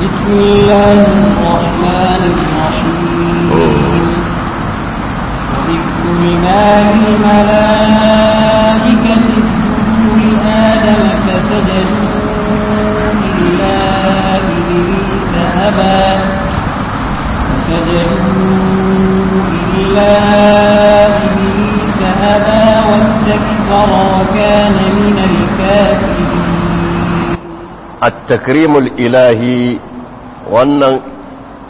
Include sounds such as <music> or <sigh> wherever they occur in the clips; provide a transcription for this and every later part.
بسم الله الرحمن الرحيم وإذ قلنا الملائكة اسجدوا لآدم فسجدوا إلا إبليس أبى فسجدوا إلا إبليس أبى واستكبر وكان من الكافرين at-takrimul ilahi wannan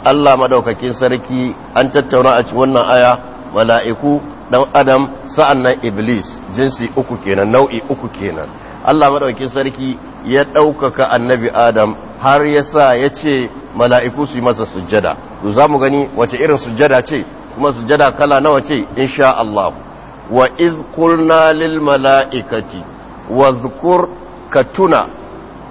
Allah madaukakin sarki an tattauna a wannan aya mala'iku dan adam sa'annan iblis jinsi uku kenan nau'i uku kenan Allah madaukakin sarki ya ɗaukaka annabi adam har yasa yace ya mala'iku su yi masa sujjada to za mu gani wace irin sujjada ce kuma sujjada kala nawa ce insha Allah wa iz qulna lil mala'ikati wa ka katuna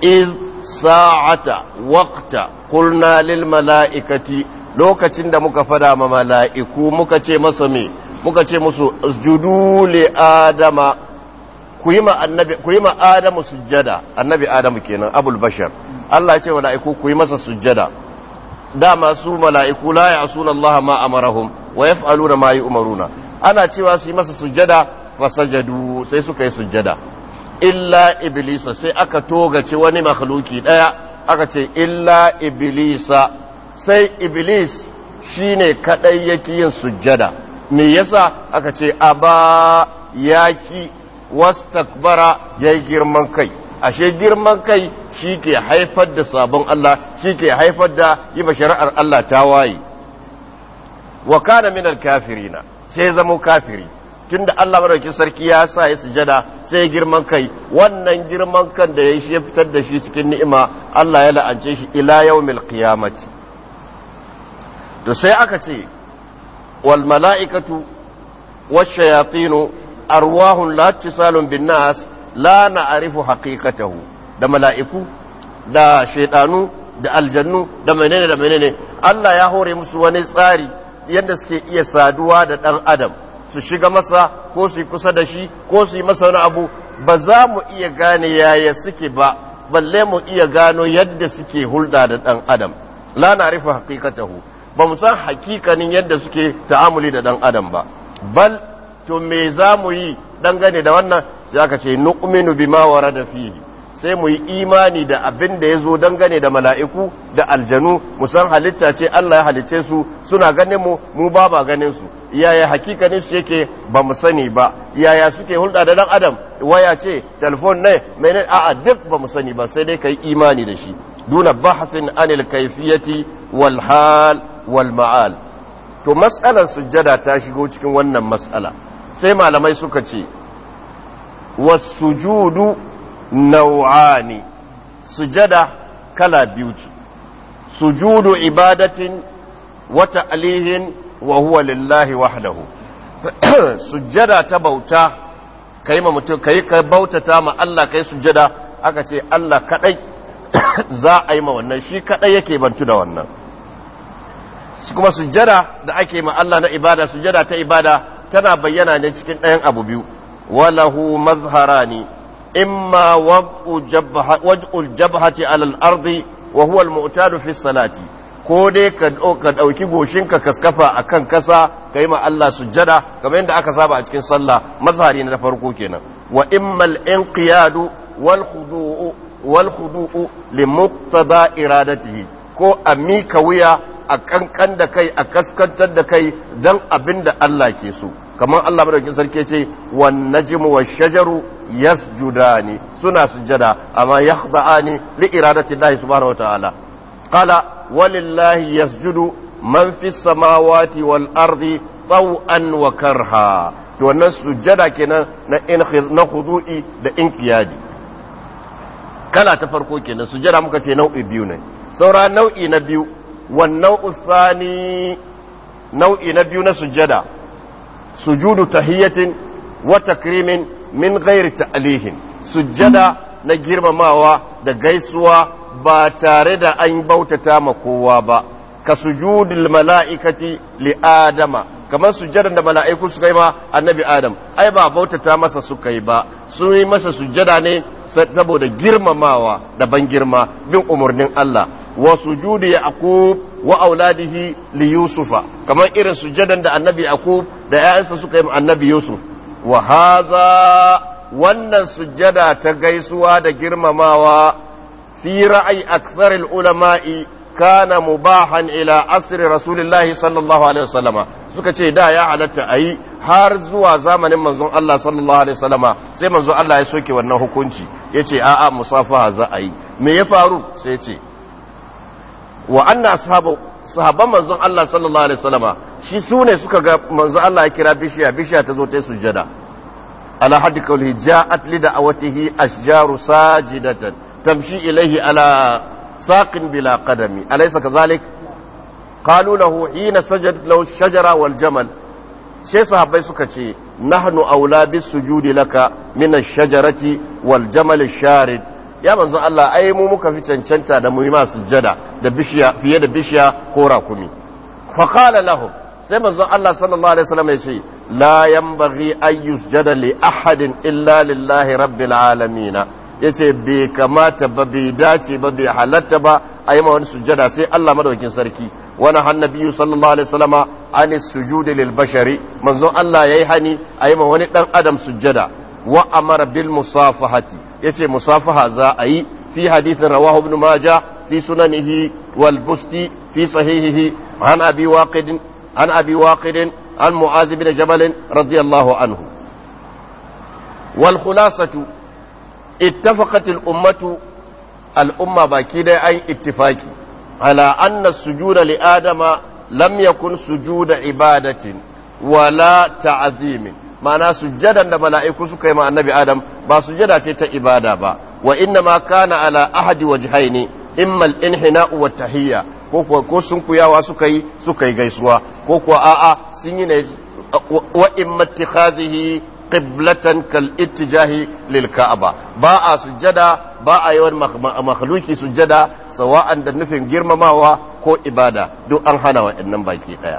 iz sa'ata waqta qulna mala'ikati lokacin da muka fada ma mala'iku muka ce masa me muka ce musu usjudu adama ku yi ma annabi adamu sujjada annabi adamu kenan abul bashar Allah ya ce mala'iku ku yi masa sujjada dama su mala'iku la ya'suna Allah ma amarahum wa yaf'aluna ma umaruna ana cewa su yi masa sujjada fasajadu sai suka yi sujjada illa iblisa sai aka togace wani makhluki daya aka ce illa iblisa sai iblis shine kadai yake yin sujjada me yasa aka ce aba yaki wastakbara yayi girman kai ashe girman kai shi ke haifar da sabon Allah shike haifar da yi ba shari'ar Allah ta waye wa kana minal kafirina sai zamo kafiri Tun da Allah madaukakin sarki ya sa ya sujada sai girman kai wannan girman kan da ya shi ya fitar da shi cikin ni'ima Allah ya la'ance shi ila yau mil kiyamati to sai aka ce wal mala'ikatu wash shayatinu arwahun la tisalun bin nas la na'rifu haqiqatahu da mala'iku da shaiɗanu, da aljannu da menene da menene Allah ya hore musu wani tsari yadda suke iya saduwa da ɗan adam su shiga masa ko su kusa da shi ko su yi masa wani abu ba za mu iya gane yaya suke ba balle mu iya gano yadda suke hulɗa da ɗan adam la na rufe hakikatahu ba mu san hakikanin yadda suke ta'amuli da ɗan adam ba bal to me za mu yi dangane da wannan sai aka ce nu'minu bima warada fihi sai mu yi imani da abin da ya zo dangane da mala'iku da aljanu mu san halitta ce Allah ya halicce su suna ganin mu mu ba ba ganin su yaya hakikanin su yake ba mu sani ba yaya suke hulɗa da dan adam waya ce telefon ne menene a'a duk ba mu sani ba sai dai ka yi imani da shi duna bahasin anil kaifiyati wal hal wal ma'al to matsalar sujjada ta shigo cikin wannan matsala sai malamai suka ce wasujudu nau'ani sujada kala biyu ce sujudu ibadatin wata alihin wa huwa lillahi wahdahu <clears throat> sujjada ta bauta kai ma mutum kai ka bautata ma Allah kai sujjada aka ce Allah kadai <clears throat> za a yi ma wannan shi kadai yake bantu da wannan kuma sujjada da ake ma Allah na ibada sujjada ta ibada tana bayyana ne cikin ɗayan abu biyu walahu mazharani imma wad'u jabhati ala al-ardi wa huwa al-mu'tadu fi salati ko dai ka ɗauki goshinka kaskafa a kan ƙasa ka yi ma Allah sujjada kamar yadda aka saba a cikin sallah mazhari na farko kenan wa immal inqiyadu wal khudu'u wal khudu'u li muqtada iradatihi ko a mika wuya a kankan da kai a kaskantar da kai dan abinda Allah ke so kamar Allah madaukin sarki ce wan najmu wash shajaru yasjudani suna sujjada amma yakhda'ani li iradati Allah subhanahu wataala قال ولله يسجد من في السماوات والأرض طوعا وكرها wannan sujjada kenan na na khudu'i da inqiyadi kala ta farko kenan sujjada muka ce nau'i biyu ne saura nau'i na biyu wan nau'u nau'i na biyu na sujjada sujudu tahiyatin wa takrimin min ghairi ta'lihin sujjada na girmamawa da gaisuwa ba tare da an bautata ma kowa ba ka sujudul mala'ikati li adama kamar sujjadan da mala'iku suka yi ma annabi adam ai ba bautata masa suka yi ba sun yi masa sujjada ne saboda girmamawa da ban girma bin umarnin Allah wa sujudu yaqub wa auladihi li yusufa kamar irin sujjadan da annabi yaqub da ƴaƴansa suka yi ma annabi yusuf wa hadha wannan sujjada ta gaisuwa da girmamawa في رأي أكثر العلماء كان مباحا إلى أسر رسول الله صلى الله عليه وسلم سوكا ce da ya halatta a har zuwa zamanin manzon Allah sallallahu alaihi wasallama sai manzon Allah ya soke wannan hukunci ya ce a'a musafaha za a yi me ya faru sai yace ce wa anna sahaban manzon Allah sallallahu alaihi wasallama shi su ne suka ga manzon Allah ya kira bishiya bishiya ta zo ta sujada ala hadd qawli ja'at li da'awatihi ashjaru sajidatan تمشي إليه على ساق بلا قدم أليس كذلك قالوا له حين سجد له الشجرة والجمل sai suka ce nahnu aula bis sujudi laka min ash-shajarati wal jamal sharid ya manzo Allah ai mu muka fi cancanta da mu yi masu sujada da bishiya fiye da bishiya ko rakumi fa qala lahum sai manzo Allah alaihi wasallam ya ce la yan bari yusjada li ahadin illa lillahi rabbil alamin ya ce bai kamata ba bai dace ba bai halatta ba a yi ma wani sujjada sai Allah madaukin sarki wani hannabiyu sallallahu alaihi wasallama an sujudi lil bashari manzon Allah yayi hani a yi ma wani dan adam sujjada wa amara bil musafahati yace musafaha za a yi fi hadithin rawahu ibn maja fi sunanihi wal busti fi sahihihi an abi waqid an abi waqid an mu'adh bin jabal radiyallahu anhu wal khulasatu ittafaqatil ummatu al'umma baki dai an ittifaki ala anna sujuda li adama lam yakun sujuda ibadatin wala ta'azimi. ma'ana sujjadan da mala'iku suka yi ma annabi adam ba sujjada ce ta ibada ba wa inna ma kana ala ahadi wajhaini imma in inhinau wat tahiyya ko sun kuyawa suka yi suka yi gaisuwa ko kuwa a'a sun yi ne wa imma qiblatan kal ittijahi lil ka'aba ba a sujjada ba a yawan makhluki sujjada sawa'an da nufin girmamawa ko ibada duk an hana wa'annan baki daya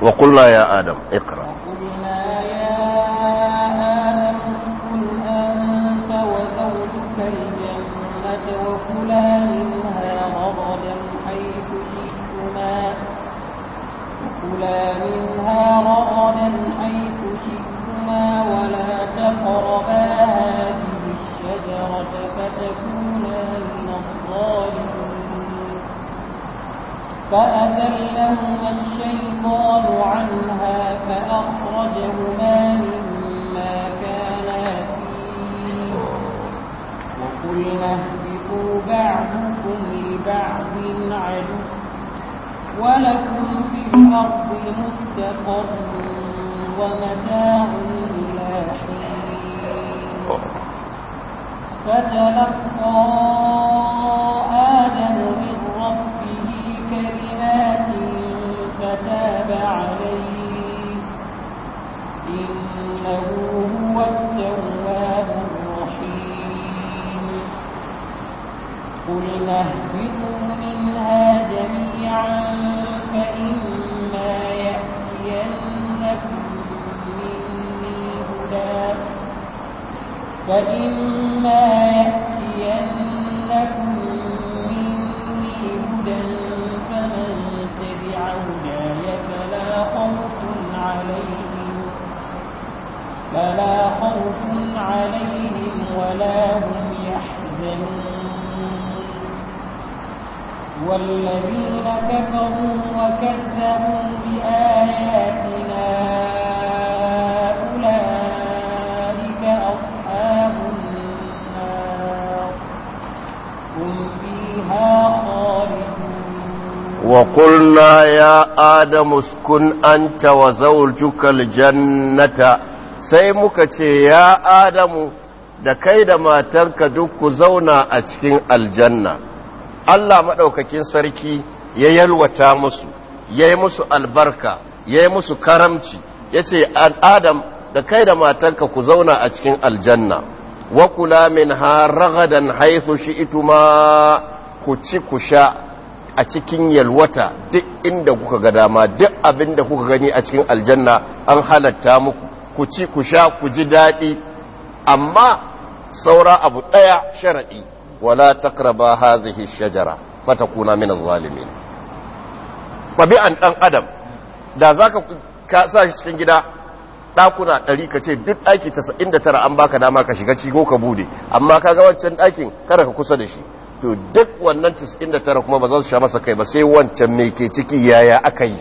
wa qulna ya adam iqra فأذلهما الشيطان عنها فأخرجهما مما كانا فيه وقلنا اهبطوا بعضكم لبعض عدو ولكم في الأرض مستقر ومتاع إلى حين فتلقى عليه إنه هو التواب الرحيم قل اهبطوا منها جميعا فإما يأتينكم مني هدى فإما يأتينكم مني هدى فلا خوف عليهم ولا هم يحزنون والذين كفروا وكذبوا بآياتنا أولئك أصحاب النار هم فيها خالدون وقلنا يا آدم اسكن أنت وزوجك الجنة sai muka ce ya adamu da kai da matarka duk ku zauna a cikin aljanna Allah maɗaukakin sarki ya yalwata musu ya yi musu albarka ya yi musu karamci ya ce adam da kai da matarka ku zauna a cikin aljanna wa kula min ha ragadan haithu shi ituma ku ci ku sha a cikin yalwata duk inda kuka ga dama duk abinda kuka gani a cikin aljanna an halatta muku ku ci ku sha ku ji daɗi amma saura abu ɗaya sharaɗi wala takraba hadhihi shajara fatakuna min zalimin dhalimin tabi'an dan adam da zaka ka sa shi cikin gida ɗakuna ɗari ka ce duk ɗaki 99 an baka dama ka shiga cigo ka bude amma ka ga wancan ɗakin kada ka kusa da shi to duk wannan 99 kuma ba za su sha masa kai ba sai wancan mai ke ciki yaya aka yi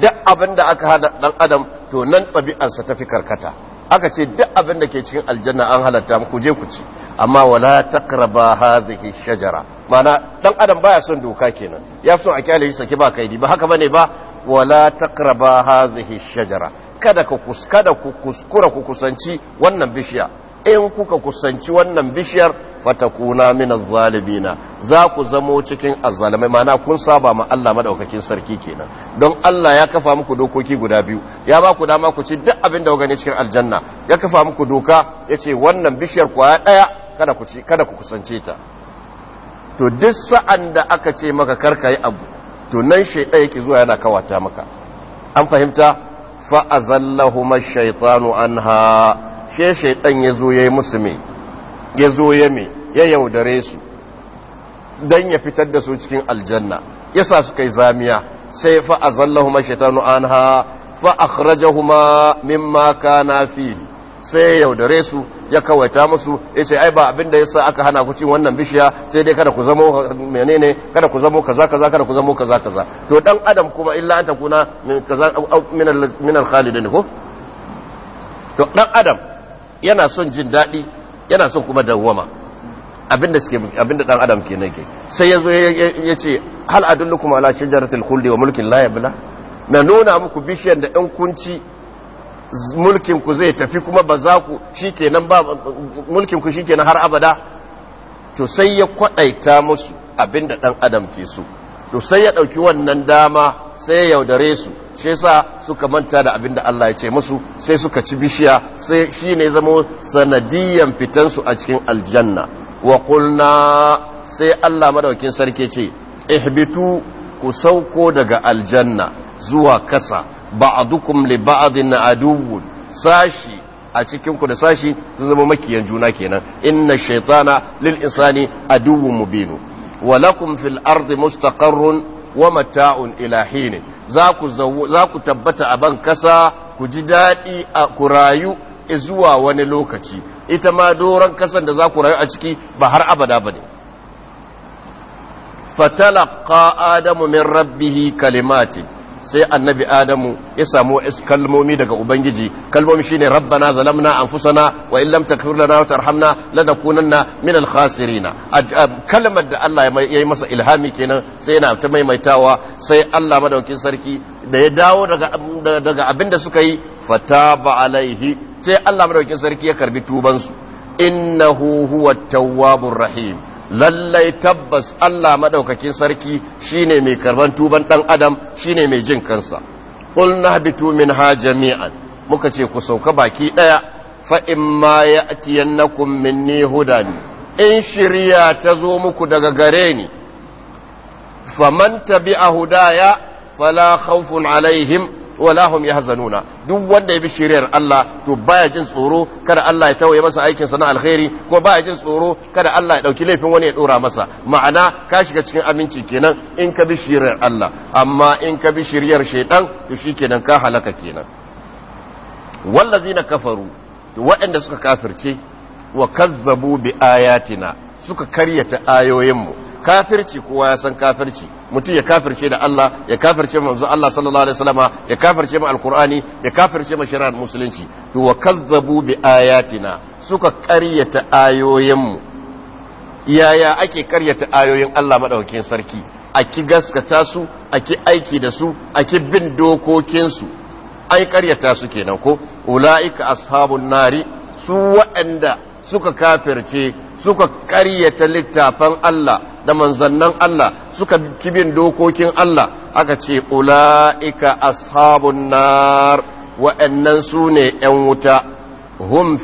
duk abin da aka hada dan adam to nan tabi'arsa ta fi karkata aka ce duk abin da ke cikin aljanna an halatta mu je ku ci amma wala taqraba hadhihi shajara mana dan adam baya son doka kenan ya fi son a kyale shi saki ba kaidi ba haka bane ba wala taqraba hadhihi shajara kada ku kuskada ku kuskura ku kusanci wannan bishiya in kuka kusanci wannan bishiyar fatakuna min az zalibina za ku zamo cikin azzalimai mana kun saba ma Allah madaukakin sarki kenan don Allah ya kafa muku dokoki guda biyu ya ba ku dama ku ci duk abin da gani cikin aljanna ya kafa muku doka yace wannan bishiyar kwaya daya kada ku ci kada ku kusance ta to duk sa'an da aka ce maka karka yi abu to nan shaydan yake zuwa yana kawata maka an fahimta fa azallahuma anha sai shaidan ya zo ya yi musu mai ya zo ya mai ya yaudare su don ya fitar da su cikin aljanna ya sa su kai zamiya sai fa a zallahuma shaitanu an ha fa min maka na fili sai ya yaudare su ya kawaita musu ya ce ai ba abin da sa aka hana ku cin wannan bishiya sai dai kada ku zamo menene kada ku zamo kaza kaza kada ku zamo kaza kaza to dan adam kuma illa an takuna min kaza min al khalidin ko to dan adam yana son jin daɗi yana son kuma dawwama abinda abinda dan adam kenan ke sai yazo yace hal lukuma ala shajaratil khuldi wa mulkin la yabla na nuna muku bishiyar da ɗan kunci mulkin ku zai tafi kuma ba za ku shikenan ba mulkin ku shikenan har abada to sai ya kwadaita musu abinda dan adam ke so to sai ya ɗauki wannan dama sai ya yaudare su shi sa suka manta da abinda Allah ya ce musu sai suka ci bishiya sai shine zama sanadiyan fitansu a cikin aljanna wa kulna sai Allah madaukin sarki ce ihbitu ku sauko daga aljanna zuwa kasa ba'dukum li ba'din aduwwun sashi a cikin da sashi sun zama makiyan juna kenan inna shaytana lil insani mu mubin wa lakum fil ardi mustaqarrun wa mata'un ila hinin za ku tabbata a ban kasa ku ji daɗi a ku rayu zuwa wani lokaci ita ma doron kasan da za ku rayu a ciki ba har abada ba ne fatalaka adamu min rabbihi kalimatin sai annabi adamu ya samu wasu kalmomi daga ubangiji kalmomi shine rabbana zalamna anfusana wa illam taghfir lana wa tarhamna lanakunanna min al-khasirin kalmar da Allah ya yi masa ilhami kenan sai yana ta maimaitawa sai Allah madaukin sarki da ya dawo daga daga abin da suka yi fataba alaihi sai Allah madaukin sarki ya karbi tubansu innahu huwa tawwabur rahim lallai tabbas Allah maɗaukakin sarki shine mai karban tuban dan adam shine mai jin kansa qul min ha jami'an muka ce ku sauka baki daya fa imma ya'tiyannakum minni hudani in shirya ta zo muku daga gare ni faman a hudaya fala khawfun alaihim wala hum yahzanuna duk wanda ya bi shiriyar Allah to baya jin tsoro kada Allah ya tawaye masa aikin sa na alkhairi ko baya jin tsoro kada Allah ya dauki laifin wani ya dora masa ma'ana ka shiga cikin aminci kenan in ka bi shiriyar Allah amma in ka bi shiriyar shaydan to shikenan ka halaka kenan wallazina kafaru waɗanda suka kafirce wa kazzabu bi ayatina suka karyata ayoyinmu kafirci kowa ya san kafirci mutum ya kafirce da Allah ya kafirce manzo Allah sallallahu alaihi wasallama ya kafirce mu alqur'ani ya kafirce mu shari'ar musulunci to wa kazzabu bi ayatina suka karyata ayoyin mu yaya ake karyata ayoyin Allah madaukakin sarki a ki gaskata su a ki aiki da su a ki bin dokokin su ai karyata su kenan ko ulaika ashabun nari su waɗanda suka kafirce suka karyata littafan Allah da manzannan Allah suka kibin dokokin Allah aka ce ula'ika ashabun nar wa'annan su ne ‘yan wuta hum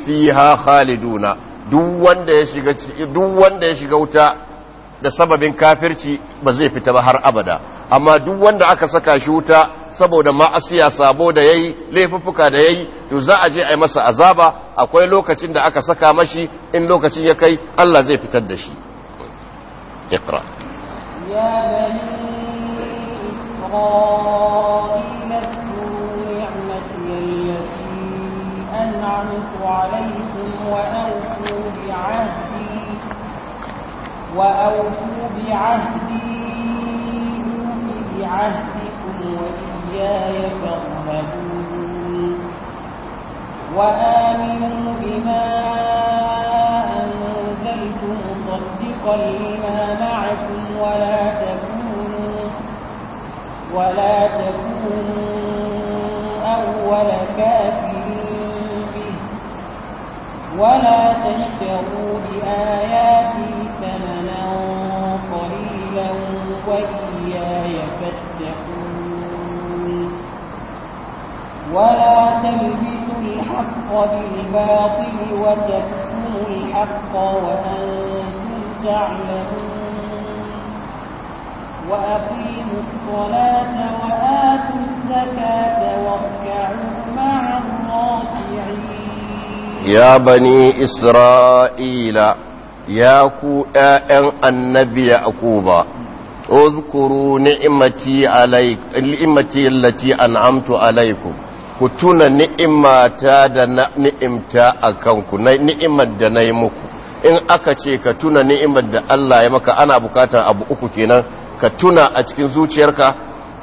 duk wanda ya shiga wuta da sababin kafirci ba zai fita ba har abada amma duk wanda aka saka shi wuta saboda ma'asiya sabo da yayi laifuffuka da yayi to za a je a yi masa azaba akwai lokacin da aka saka mashi in lokacin ya kai Allah zai fitar da shi اقرأ يا بني إسرائيل اذكروا نعمتي التي أنعمت عليكم وأوفوا بعهدي وأوفوا بعهدي بعهدكم وإياي فارهبون وآمنوا بما حقا لما معكم ولا تكونوا ولا تكونوا أول كافر به ولا تشتروا بآياتي ثمنا قليلا وإياي فاتقون ولا تلبسوا الحق بالباطل وتكونوا الحق وأنتم تعملون وأقيموا الصلاة وآتوا الزكاة واركعوا مع الراكعين يا بني إسرائيل يا كو آئن النبي أكوبا اذكروا نعمتي عليك نعمتي التي أنعمت عليكم ku tuna ni'imata da ni'imta a kanku ni'imar da na yi muku in aka ce ka tuna ni'imar da Allah ya maka ana bukatar abu uku kenan ka tuna a cikin zuciyarka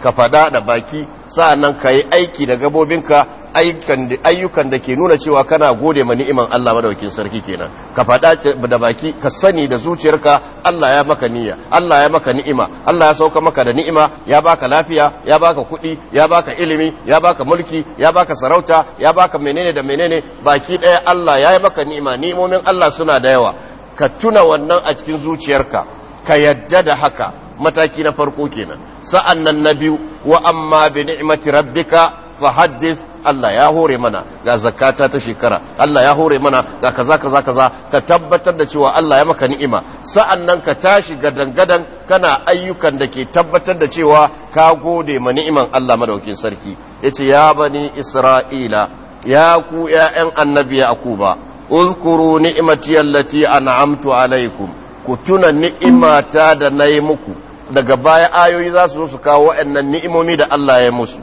ka fada da baki sa'annan ka yi aiki da gabobinka ayyukan da ke nuna cewa kana gode ma ni'iman Allah madaukin sarki kenan ka faɗa da baki ka sani da zuciyarka Allah ya maka niyya Allah ya maka ni'ima Allah ya sauka maka da ni'ima ya baka lafiya ya baka kuɗi ya baka ilimi ya baka mulki ya baka sarauta ya baka menene da menene baki ɗaya Allah ya yi maka ni'ima ni'imomin Allah suna da yawa ka tuna wannan a cikin zuciyarka ka yadda da haka mataki na farko kenan sa'annan nan na biyu wa amma bi ni'mati rabbika fahaddis Allah ya hore mana ga zakata ta shekara Allah ya hore mana ga kaza kaza kaza ka tabbatar da cewa Allah ya maka ni'ima sa'annan ka tashi gadan-gadan kana ayyukan da ke tabbatar da cewa ka gode ma ni'iman Allah madaukin sarki yace ya bani isra'ila ya ku ya'yan annabi yakuba uzkuru ni'mati allati an'amtu alaikum ku tuna ni'imata da nayi muku daga baya ayoyi za su zo su kawo wa'annan ni'imomi da Allah ya musu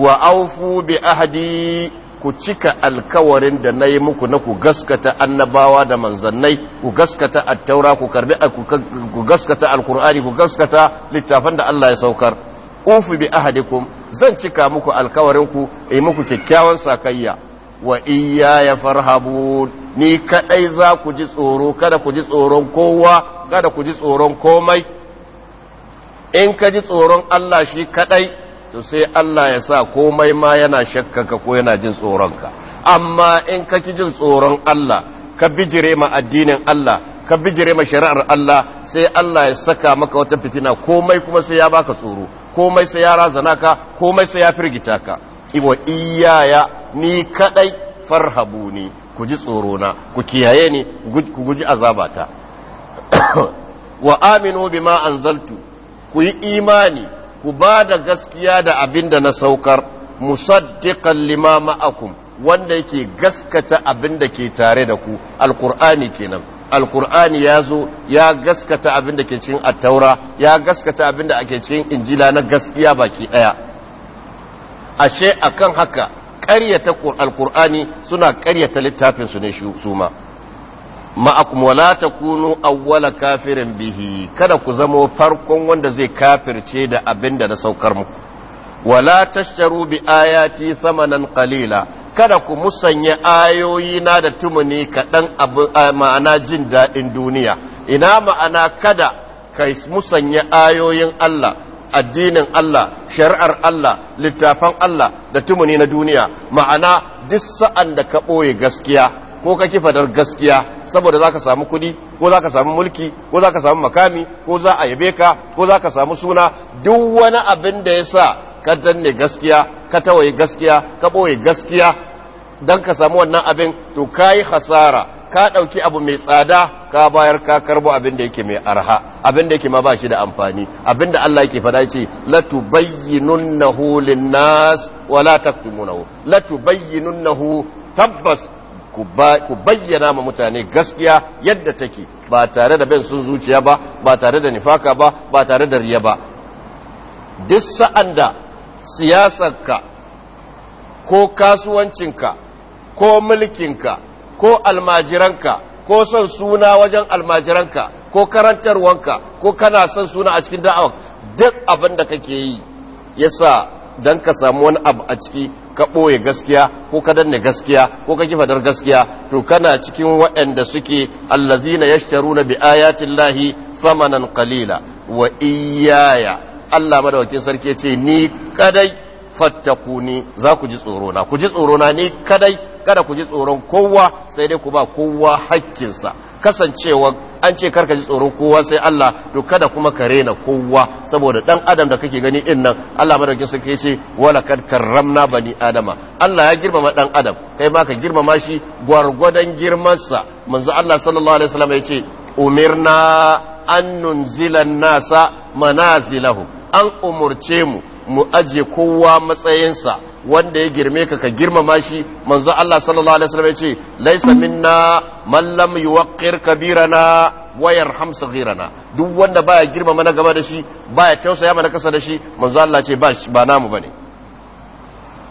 wa aufu bi ahdi ku cika alkawarin da na yi muku na ku gaskata annabawa da manzannai ku gaskata attaura ku karbi ku gaskata alkur'ani ku gaskata littafan da Allah ya saukar ufu bi ahadikum zan cika muku alkawarin ku yi muku kyakkyawan sakayya wa iya ya farhabu ni kadai za ku ji tsoro kada ku ji tsoron kowa kada ku ji tsoron komai in ka ji tsoron Allah shi kadai to sai Allah ya sa komai ma yana shakkaka ko yana jin tsoronka amma in ka ki jin tsoron Allah ka bijire ma addinin Allah ka bijire ma shari'ar Allah sai Allah ya saka maka wata fitina komai kuma sai ya baka tsoro komai sai ya razana ka komai sai ya firgita ka iwa iyaya ni kadai farhabuni ku ji na ku kiyaye ni ku guji azabata <coughs> wa aminu bima anzaltu ku yi imani ku ba da gaskiya da abin da na saukar musaddiqan lima akum wanda yake gaskata abin da ke tare da ku alqur'ani kenan alqur'ani ya zo ya gaskata abin da ke cikin attaura ya gaskata abin da ake cikin injila na gaskiya baki ɗaya. ashe akan haka ƙaryata alqur'ani suna ƙaryata littafinsu su ne su ma ma'akum wala takunu awwala kafirin bihi kada ku zamo farkon wanda zai kafirce da abin da na saukar muku wala tashtaru bi ayati samanan qalila kada ku musanya ayoyi na da tumuni kaɗan ma'ana jin daɗin duniya ina ma'ana kada kai musanya ayoyin Allah addinin Allah shari'ar Allah littafan Allah da tumuni na duniya ma'ana duk sa'an da ka ɓoye gaskiya ko ka kifa gaskiya saboda za ka samu kuɗi ko za ka samu mulki ko za ka samu makami ko za a yabe ka ko za ka samu suna duk wani abin da ya sa ka danne gaskiya ka tawaye gaskiya ka ɓoye gaskiya don ka samu wannan abin to ka yi hasara ka ɗauki abu mai tsada ka bayar ka karbo abin da yake mai arha abin da yake ma ba shi da amfani abin da Allah yake faɗa ce latubayyinunnahu lin-nas taktumunhu latubayyinunnahu tabbas ku bayyana ma mutane gaskiya yadda take ba tare da bin sun zuciya ba ba tare da nifaka ba ba tare da riya ba duk sa'an da siyasarka ko kasuwancinka ko mulkinka ko almajiranka ko son suna wajen almajiranka ko karantarwanka ko kana son suna a cikin da'awa duk abin da kake yi ya sa don ka samu wani abu a ciki ka ɓoye gaskiya ko ka danne gaskiya ko ka kifadar gaskiya to kana cikin waɗanda suke allazina yashtaruna bi ayatin lahi samanan kalila wa iyaya Allah madawakin sarki ce ni kadai ni za ku ji tsorona ku ji tsorona ni kadai kada ku ji tsoron kowa sai dai ku ba kowa hakkinsa kasancewa an ce karka ji tsoron kowa sai Allah to kada kuma ka rena kowa saboda dan adam da kake gani din nan Allah madaukin ke ce wala kad karramna bani adama Allah ya girmama dan adam kai ma ka girmama shi gwargwadon girmansa manzo Allah sallallahu alaihi wasallam ce umirna an nunzila nasa manazilahu an umurce mu mu aje kowa matsayinsa wanda ya girme ka ka girmama shi manzo Allah sallallahu alaihi wasallam ya ce laisa minna man lam yuwaqqir kabirana wa yarham saghirana duk wanda baya girmama na gaba da shi baya tausaya mana kasa da shi manzo Allah ce ba ba namu bane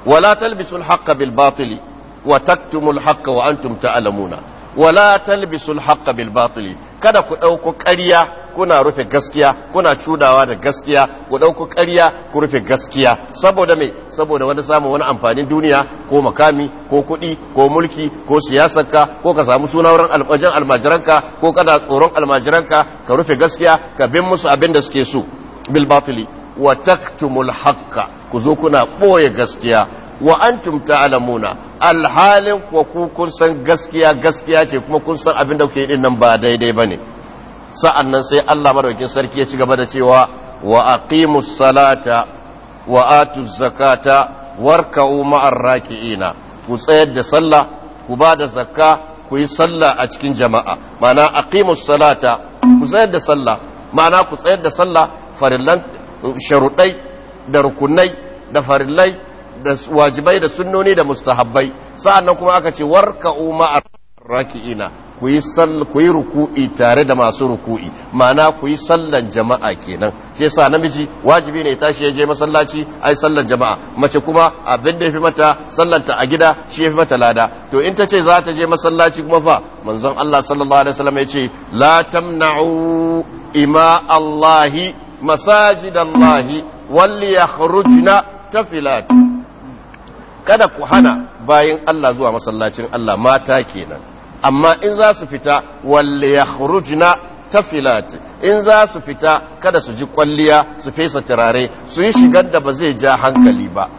wala talbisul haqqa bil batili wa taktumul haqqa wa antum ta'lamuna wala talbisul haqqa bil batili kada ku ɗauko ƙarya kuna rufe gaskiya kuna cudawa da gaskiya ku ɗauko ƙarya ku rufe gaskiya saboda me saboda wani samun wani amfanin duniya ko makami ko kuɗi ko mulki ko siyasarka ko ka samu suna wurin alƙwajen almajiranka ko kada tsoron almajiranka ka rufe gaskiya ka bin musu abin da suke so bil batili wa taktumul haqqa ku zo kuna ɓoye gaskiya wa antum ta'lamuna alhalin wa ku kun san gaskiya gaskiya ce kuma kun san abin da kuke din nan ba daidai ba bane sa'annan sai Allah madaukin sarki ya ci gaba da cewa wa aqimus salata wa atu zakata warka'u raki ina ku tsayar da sallah ku ba da zakka ku yi sallah a cikin jama'a ma'ana aqimus salata ku tsayar da sallah ma'ana ku tsayar da sallah farillan sharuɗai da rukunai da farillai da wajibai da sunnoni da mustahabbai sa'annan kuma aka ce warka ma'ar raki'ina ku yi ku yi ruku'i tare da masu ruku'i ma'ana ku yi sallan jama'a kenan shi yasa namiji wajibi ne tashi ya je masallaci ai sallan jama'a mace kuma abin da yafi mata sallanta a gida shi ya fi mata lada to in ta ce za ta je masallaci kuma fa manzon Allah sallallahu alaihi wasallam ya ce la tamna'u ima Allahi masajidallahi wal yakhrujna tafilat kada ku hana bayan Allah zuwa masallacin Allah mata kenan amma in za su fita walle ya ta tafilati in za su fita kada su ji kwalliya su fesa turare su yi shigar da ba zai ja hankali ba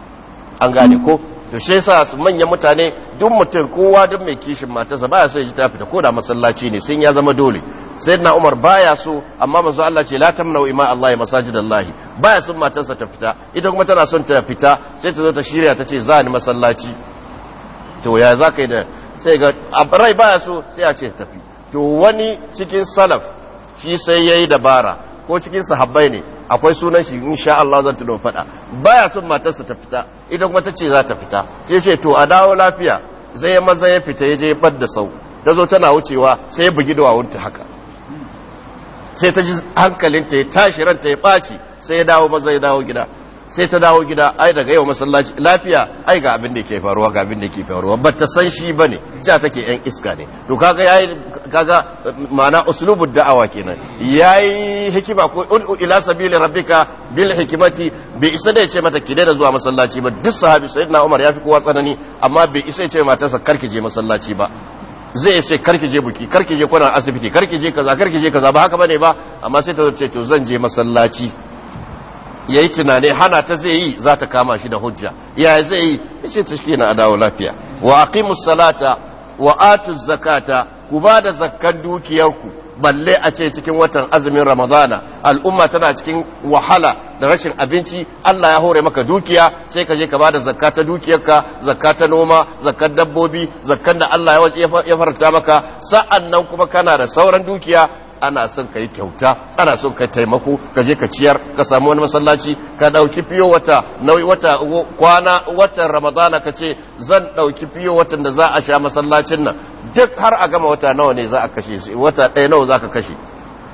an gane ko to shi yasa su manyan mutane duk mutum kowa duk mai kishin matarsa baya so ya ji ta fita ko da masallaci ne sun ya zama dole sai na Umar baya so amma manzo Allah ce la tamna'u ima Allah masajidallah baya sun matarsa ta fita ita kuma tana son ta fita sai ta zo ta shirya ta ce za ni masallaci to ya za ka da sai ga rai baya so sai a ce tafi to wani cikin salaf shi sai yayi dabara ko cikin sahabbai ne akwai sunan shi in insha Allah zan tuno fada baya son matarsa ta fita idan wata ce za ta fita ya ce to a dawo lafiya zai maza ya fita ya je ya bar da sau ta zo tana wucewa sai ya bugi dawawunta haka sai ta ji hankalinta ya tashi ranta ya ɓaci sai ya dawo maza ya dawo gida sai ta dawo gida ai daga yau masallaci lafiya ai ga abin da ke faruwa ga abin da ke faruwa ba ta san shi bane ja take yan iska ne to kaga yayi kaga ma'ana uslubud da'awa kenan yayi hikima ko ud'u ila sabili rabbika bil hikmati bai isa da yace mata ki daina zuwa masallaci ba duk sahabi sayyidina Umar ya fi kowa tsanani amma bai isa ya ce matarsa karki je masallaci ba zai sai karki je buki karki je kwana asibiti karki je kaza karki je kaza ba haka bane ba amma sai ta ce to zan je masallaci yayi tunani hana ta zai yi za ta kama shi da hujja ya zai yi ce ta shi na adawo lafiya wa aqimus salata wa atuz zakata ku ba da zakkan dukiyarku balle a ce cikin watan azumin ramadana al'umma tana cikin wahala da rashin abinci Allah ya hore maka dukiya sai ka je ka bada zakka ta dukiyarka zakka noma zakkar dabbobi zakkan da Allah ya faranta maka sa'annan kuma kana da sauran dukiya ana son ka yi kyauta ana son ka taimako ka je ka ciyar ka samu wani masallaci ka ɗauki fiyo wata nauyi wata kwana watan ramadana ka ce zan ɗauki fiyo watan da za a sha masallacin nan duk har a gama wata nawa ne za a kashe wata ɗaya nawa za ka kashe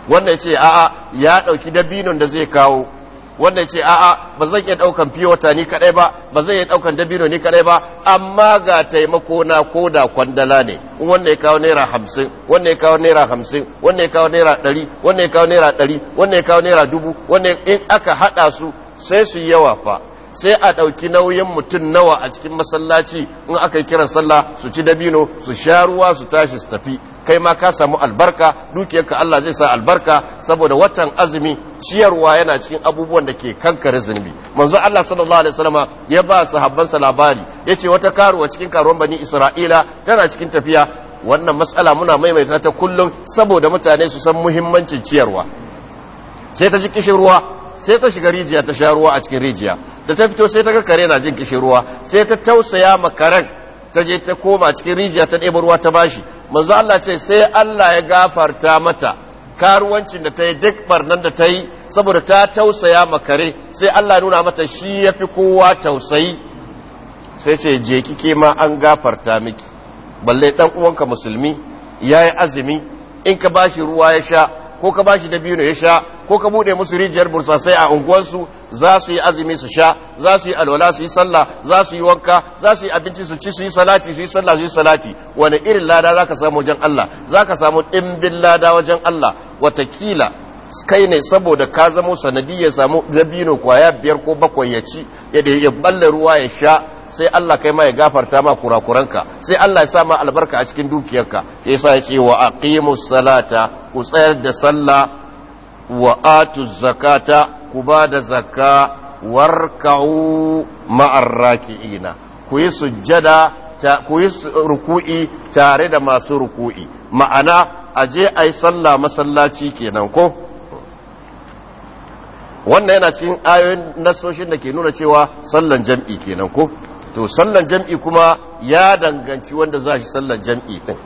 wannan ya ce a'a ya ɗauki dabinon da zai kawo wanda ce a'a ba zan iya daukan fiyota wata ni kadai ba ba zan iya daukan dabino ni kadai ba amma ga taimako na koda kwandala ne wanda ya kawo naira hamsin wanda ya kawo naira hamsin wanda ya kawo naira ɗari wanda ya kawo naira ɗari wanda ya kawo naira dubu wanda in aka haɗa su sai su yawa fa sai a ɗauki nauyin mutum nawa a cikin masallaci in aka yi kiran sallah su ci dabino su sha ruwa su tashi su tafi kai ma ka samu albarka dukiyarka Allah zai sa albarka saboda watan azumi ciyarwa yana cikin abubuwan da ke kankare zunubi manzo Allah sallallahu alaihi wasallam ya ba sa labari yace wata karuwa cikin karuwan bani Isra'ila tana cikin tafiya wannan matsala muna maimaita ta kullum saboda mutane su san muhimmancin ciyarwa sai ta ji kishin ruwa sai ta shiga rijiya ta sha ruwa a cikin rijiya da ta fito sai ta ga kare na jin kishin ruwa sai ta tausaya ma karen ta je ta koma cikin rijiya ta ɗebo ruwa ta bashi manzo Allah ce sai Allah ya gafarta mata karuwancin da ta yi duk barnan da ta yi saboda ta tausaya makare sai Allah nuna mata shi ya fi kowa tausayi sai ce je kike ma an gafarta miki balle dan uwanka musulmi yayi azumi in ka bashi ruwa ya sha ko ka bashi da biyu ya sha ko ka bude musu rijiyar bursasai a unguwansu za su yi azumi su sha za su yi alwala su yi sallah za su yi wanka za su yi abinci su ci su yi salati su yi sallah su yi salati wani irin lada za ka samu wajen Allah za ka samu ɗimbin lada wajen Allah watakila kai ne saboda ka zamo sanadi ya samu dabino kwaya biyar ko bakwai ya ci ya ballar ruwa ya sha sai Allah kai ma ya gafarta ma kurakuranka sai Allah ya sa ma albarka a cikin dukiyarka sai yasa ya ce wa aqimus salata ku tsayar da sallah wa atuz zakata ku ba da zakka warka'u ma'ar raki'ina ku yi sujjada ku yi ruku'i tare da masu ruku'i ma'ana aje je a sallah masallaci kenan ko wannan yana cikin ayoyin nasoshin da ke nuna cewa sallan jam'i kenan ko to sallan jam'i kuma ya danganci wanda za shi sallan jam'i din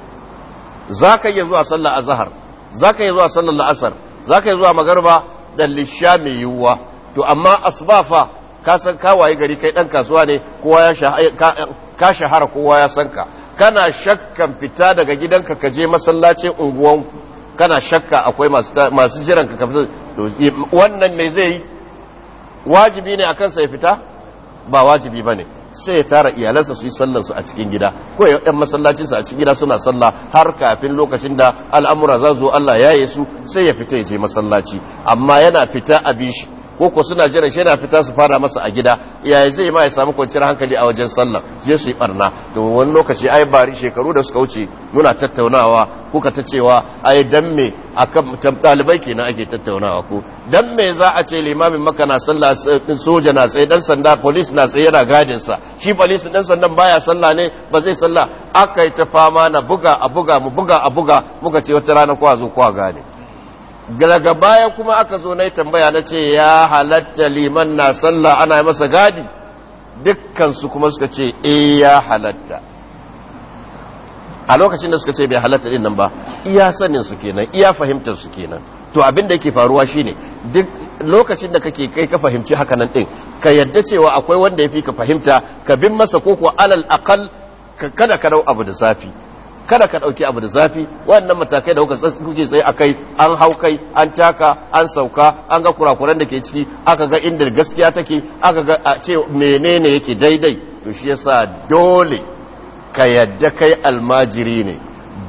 za ka yi zuwa sallar azahar za ka yi zuwa sallar la'asar za ka yi zuwa magarba da lisha mai yiwuwa to amma asbafa ka san kawaye gari kai dan kasuwa ne kowa ya ka shahara kowa ya san ka kana shakkan fita daga gidanka ka je masallacin unguwanku kana shakka akwai masu jiran ka kafin wannan mai zai yi wajibi ne akan sai fita ba wajibi ba ne sai ya tara iyalansa su yi su a cikin gida ko yan masallacinsa a cikin gida suna sallah har kafin lokacin da al'amura za zo Allah ya yi su sai ya fita ya je masallaci amma yana fita abin shi koko ko suna jira shi yana fita su fara masa a gida iyaye zai ma ya samu kwanciyar hankali a wajen sallah je su yi barna domin wani lokaci ai bari shekaru da suka wuce muna tattaunawa kuka ta cewa ai dan me akan dalibai kenan ake tattaunawa ko dan me za a ce limamin maka na sallah soja na tsaye dan sanda police na tsaye yana gadin sa shi police dan sandan baya sallah ne ba zai sallah aka ta fama na buga a buga mu buga a buga muka ce wata rana kwa zo kwa gane daga baya kuma aka zo na tambaya na ce ya halatta liman na sallah ana masa gadi dukkansu kuma suka ce e ya halatta a lokacin da suka ce bai halatta din nan ba iya sanin su kenan iya fahimtar su kenan to abin da yake faruwa shine duk lokacin da kake kai ka fahimci hakanan din ka yadda cewa akwai wanda ya fi ka fahimta ka bin masa koko alal akal kada ka dau abu da safi kada ka ɗauki abu da zafi waɗannan matakai da kuke tsaye a kai an hau kai an taka an sauka an ga kurakuran da ke ciki aka ga inda gaskiya take aka ga a ce menene yake daidai to shi yasa dole ka yadda kai almajiri ne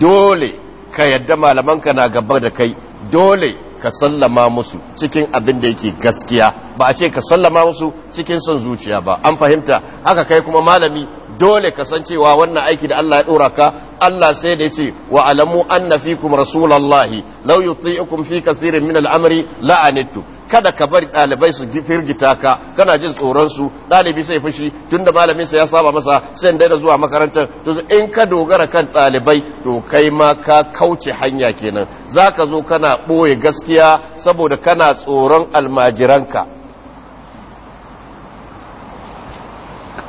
dole ka yadda malamanka na gaba da kai dole ka sallama musu cikin abin da yake gaskiya ba a ce ka sallama musu cikin son zuciya ba an fahimta haka kai kuma malami dole kasancewa wannan aiki da Allah ya dora ka Allah sai da yace wa alamu anna fikum rasulullahi law yuti'ukum fi kaseerin min al'amri amri la'anittu kada ka bari ɗalibai su firgita ka kana jin tsoron su ɗalibi sai fushi tunda malamin sa ya saba masa sai da zuwa makarantar to in ka dogara kan ɗalibai to kai ma ka kauce hanya kenan zaka zo kana ɓoye gaskiya saboda kana tsoron almajiranka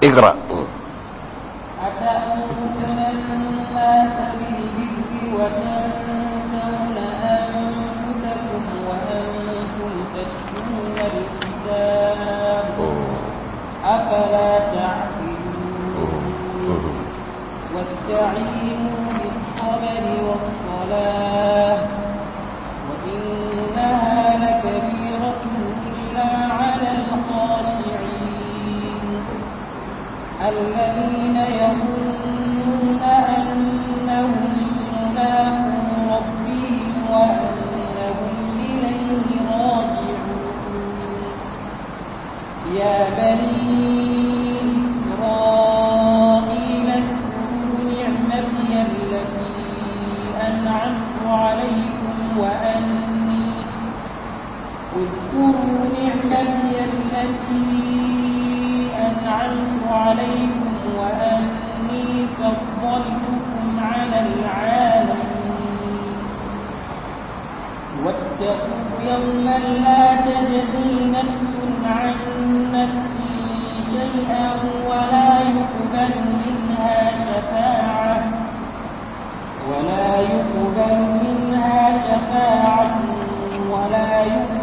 igra واستعينوا بالصبر والصلاة وإنها لكبيرة إلا على الخاشعين الذين يظنون أنهم ملاقوا ربهم وأنهم إليه راجعون يا بني اذكروا نعمتي التي أنعمت عليكم وأني فضلتكم على العالمين واتقوا يوما لا تجزي نفس عن نفس شيئا ولا يقبل منها شفاعة ولا يقبل منها شفاعة ولا يقبل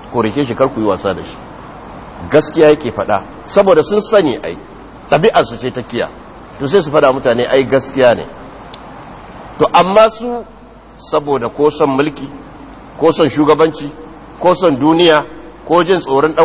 korike shi kar ku yi wasa da shi gaskiya yake faɗa saboda sun sani ai ɗabi'ar su ce ta kiya to sai su faɗa mutane ai gaskiya ne to amma su saboda ko son mulki ko son shugabanci ko son duniya ko jin tsoron ɗan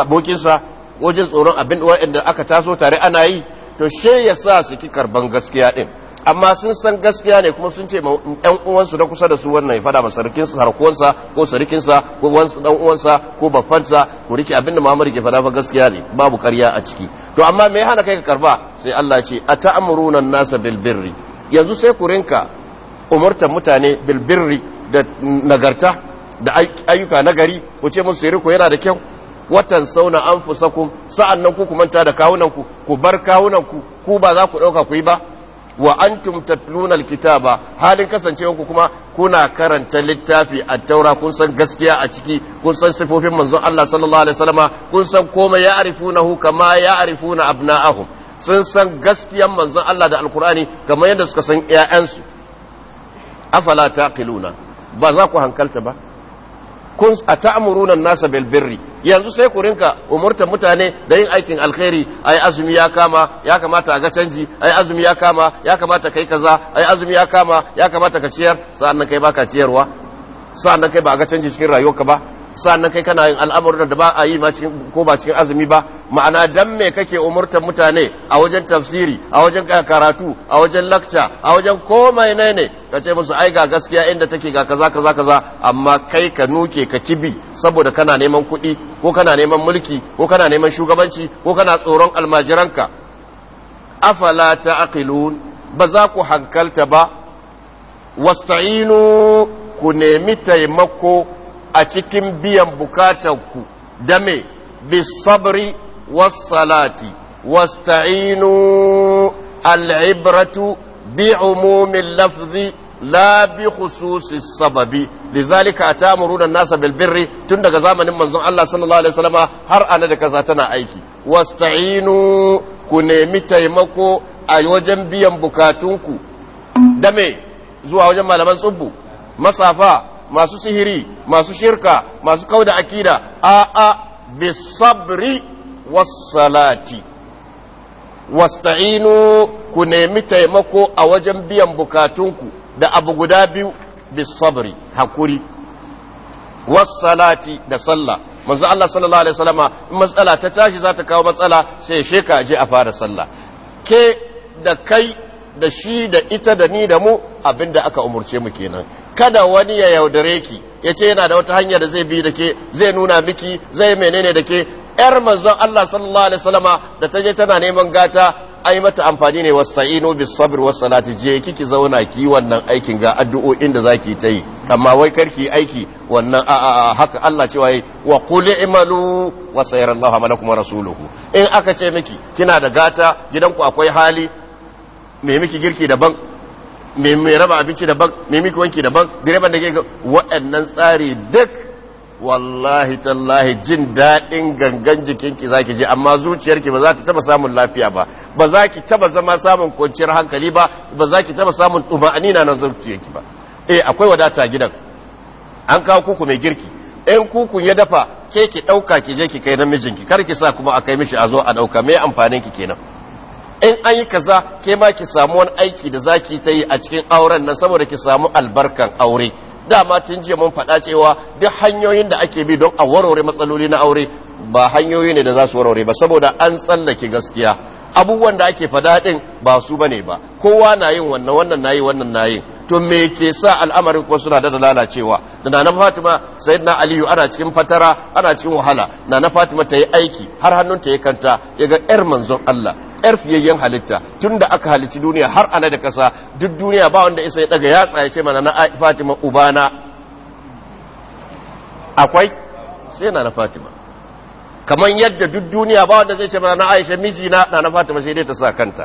abokinsa ko jin tsoron abin da aka taso tare ana yi to she ya sa su ki karban gaskiya ɗin amma sun san gaskiya ne kuma sun ce ma ɗan uwansu na kusa da su wannan ya fada ma sarkinsa harkuwansa ko sarkinsa ko wansu ɗan uwansa ko babbansa ku rike abinda Muhammadu ke fada fa gaskiya ne babu ƙarya a ciki to amma me ya hana kai ka karba sai Allah ce ata'muruna an-nasa bil birri yanzu sai ku rinka umurtar mutane bil birri da nagarta da ayyuka nagari ku ce musu sirri yana da kyau watan sauna an fusakum sa'annan ku ku manta da kawunanku ku bar kawunanku ku ba za ku ɗauka ku yi ba wa antum tatluna alkitaba halin kasancewanku kuma kuna karanta littafi a taura kun san gaskiya a ciki kun san sifofin manzon Allah sallallahu alaihi wasallama kun san komai ya hu, kama ya arifuna abna'ahum sun san gaskiyan manzon Allah da alkur'ani kamar yadda suka san ƴaƴansu afala taqiluna ba za ku hankalta ba kun atamuruna an-nasa bil birri yanzu sai ku rinka umurtar mutane da yin aikin alkhairi ai azumi ya kama ya kamata a ga canji ai azumi ya kama ya kamata kai kaza ai azumi ya kama ya kamata ka ciyar sa'annan kai baka ciyarwa sa'annan kai ba a ga canji cikin rayuwarka ba sannan kai kana yin al'amuran da ba a yi ko ba cikin azumi ba ma'ana dan me kake umurtar mutane a wajen tafsiri a wajen karatu a wajen lakca a wajen komai ne ne ka ce musu ai ga gaskiya inda take ga kaza kaza kaza amma kai ka nuke ka kibi saboda kana neman kuɗi ko kana neman mulki ko kana neman shugabanci ko kana tsoron almajiranka afala ta'qilun ba za ku hankalta ba wasta'inu ku nemi taimako a cikin biyan bukatanku da me bisabri wassalati wasta'inu al'ibratu bi umumin lafzi la bi khususi sababi lidhalika atamuruna an-nasa bil birri tun daga zamanin manzon Allah sallallahu alaihi wasallama har ana da kaza tana aiki tainu ku nemi taimako a wajen biyan bukatunku da zuwa wajen malaman tsubbu masafa masu sihiri masu shirka masu kauda akida a a bisabri wasalati wasta'inu ku nemi taimako a wajen biyan bukatunku da abu guda biyu bisabri hakuri wasalati da sallah manzo Allah sallallahu alaihi wasallama in matsala ta tashi za ta kawo matsala sai sheka je a fara sallah ke da kai da shi da ita da ni da mu abinda aka umurce mu kenan kada wani ya yaudare ki ya ce yana da wata hanya da zai bi da ke zai nuna miki zai menene da ke yar manzon Allah sallallahu alaihi wasallama da ta je tana neman gata ai mata amfani ne wasta'inu bis sabr was salati je kiki zauna ki wannan aikin ga addu'o'in da zaki ta yi amma wai karki aiki wannan a a haka Allah cewa yi wa qul i'malu wa sayarallahu amalakum wa rasuluhu in aka ce miki kina da gata gidanku akwai hali me miki girki daban mai raba abinci daban mai miki wanki daban direban da ke ga waɗannan tsari duk wallahi tallahi jin daɗin gangan jikinki za ki ji amma zuciyarki ba za ta taba samun lafiya ba ba za ki taba zama samun kwanciyar hankali ba ba za ki taba samun tuma'anina na zuciyarki ba eh akwai wadata gidan an kawo kuku mai girki in kukun ya dafa ke ki ɗauka ki je ki kai namijinki kar ki sa kuma a kai mishi a zo a ɗauka mai amfanin ki kenan in an yi kaza ke ma ki samu wani aiki da zaki ta yi a cikin auren nan saboda ki samu albarkan aure dama tun jiya mun faɗa cewa duk hanyoyin da ake bi don a warware matsaloli na aure ba hanyoyi ne da za su warware ba saboda an tsallake gaskiya abubuwan da ake faɗa ɗin ba su bane ba kowa na yin wannan wannan na yi wannan na yi to me ke sa al'amarin kuma suna da lalacewa da nana fatima sai na aliyu ana cikin fatara ana cikin wahala nana fatima ta yi aiki har hannunta ya kanta ya ga yar manzon allah yar fiyayyen halitta tunda aka halici duniya har ana da kasa duk duniya ba wanda isa ya daga yatsa tsaye ce mana na Fatima ubana akwai sai na na Fatima kamar yadda duk duniya ba wanda zai ce mana na Aisha mijina na na Fatima sai dai ta sa kanta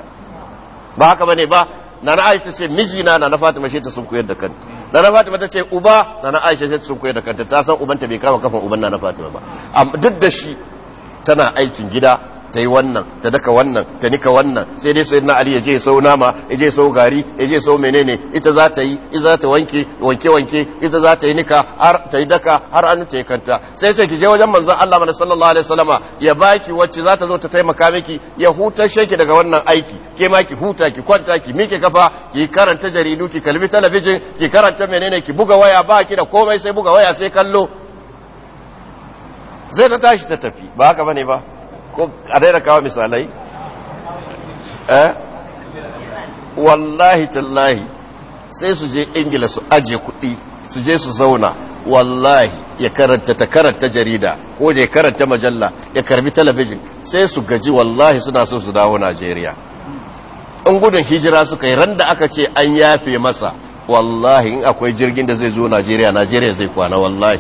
ba haka bane ba na na Aisha ce mijina na na Fatima sai ta sunkuyar da kanta na fatima ta ce uba na na aisha sai sun koyar da kanta ta san ubanta bai kama kafan uban na fatima ba duk da shi tana aikin gida ta yi wannan ta daka wannan ta nika wannan sai dai na ali ya je sau nama ya je sau gari ya je sau menene ita za ta yi ita za ta wanke wanke wanke ita za ta yi nika har ta yi daka har an ta yi kanta sai sai ki je wajen manzon Allah mana sallallahu alaihi wasallama ya baki wacce za ta zo ta taimaka miki ya hutar sheki daga wannan aiki ke ma ki huta ki kwanta ki mike kafa ki karanta jaridu ki kalbi talabijin ki karanta menene ki buga waya ba ki da komai sai buga waya sai kallo zai ta tashi ta tafi ba haka bane ba ko a daina kawo misalai eh wallahi tallahi sai su je ingila su aje kuɗi su je su zauna wallahi ya karanta ta karanta jarida ko da ya karanta majalla ya karbi talabijin sai su gaji wallahi suna so su dawo najeriya in gudun hijira suka yi randa aka ce an yafe masa wallahi in akwai jirgin da zai zo najeriya najeriya zai kwana wallahi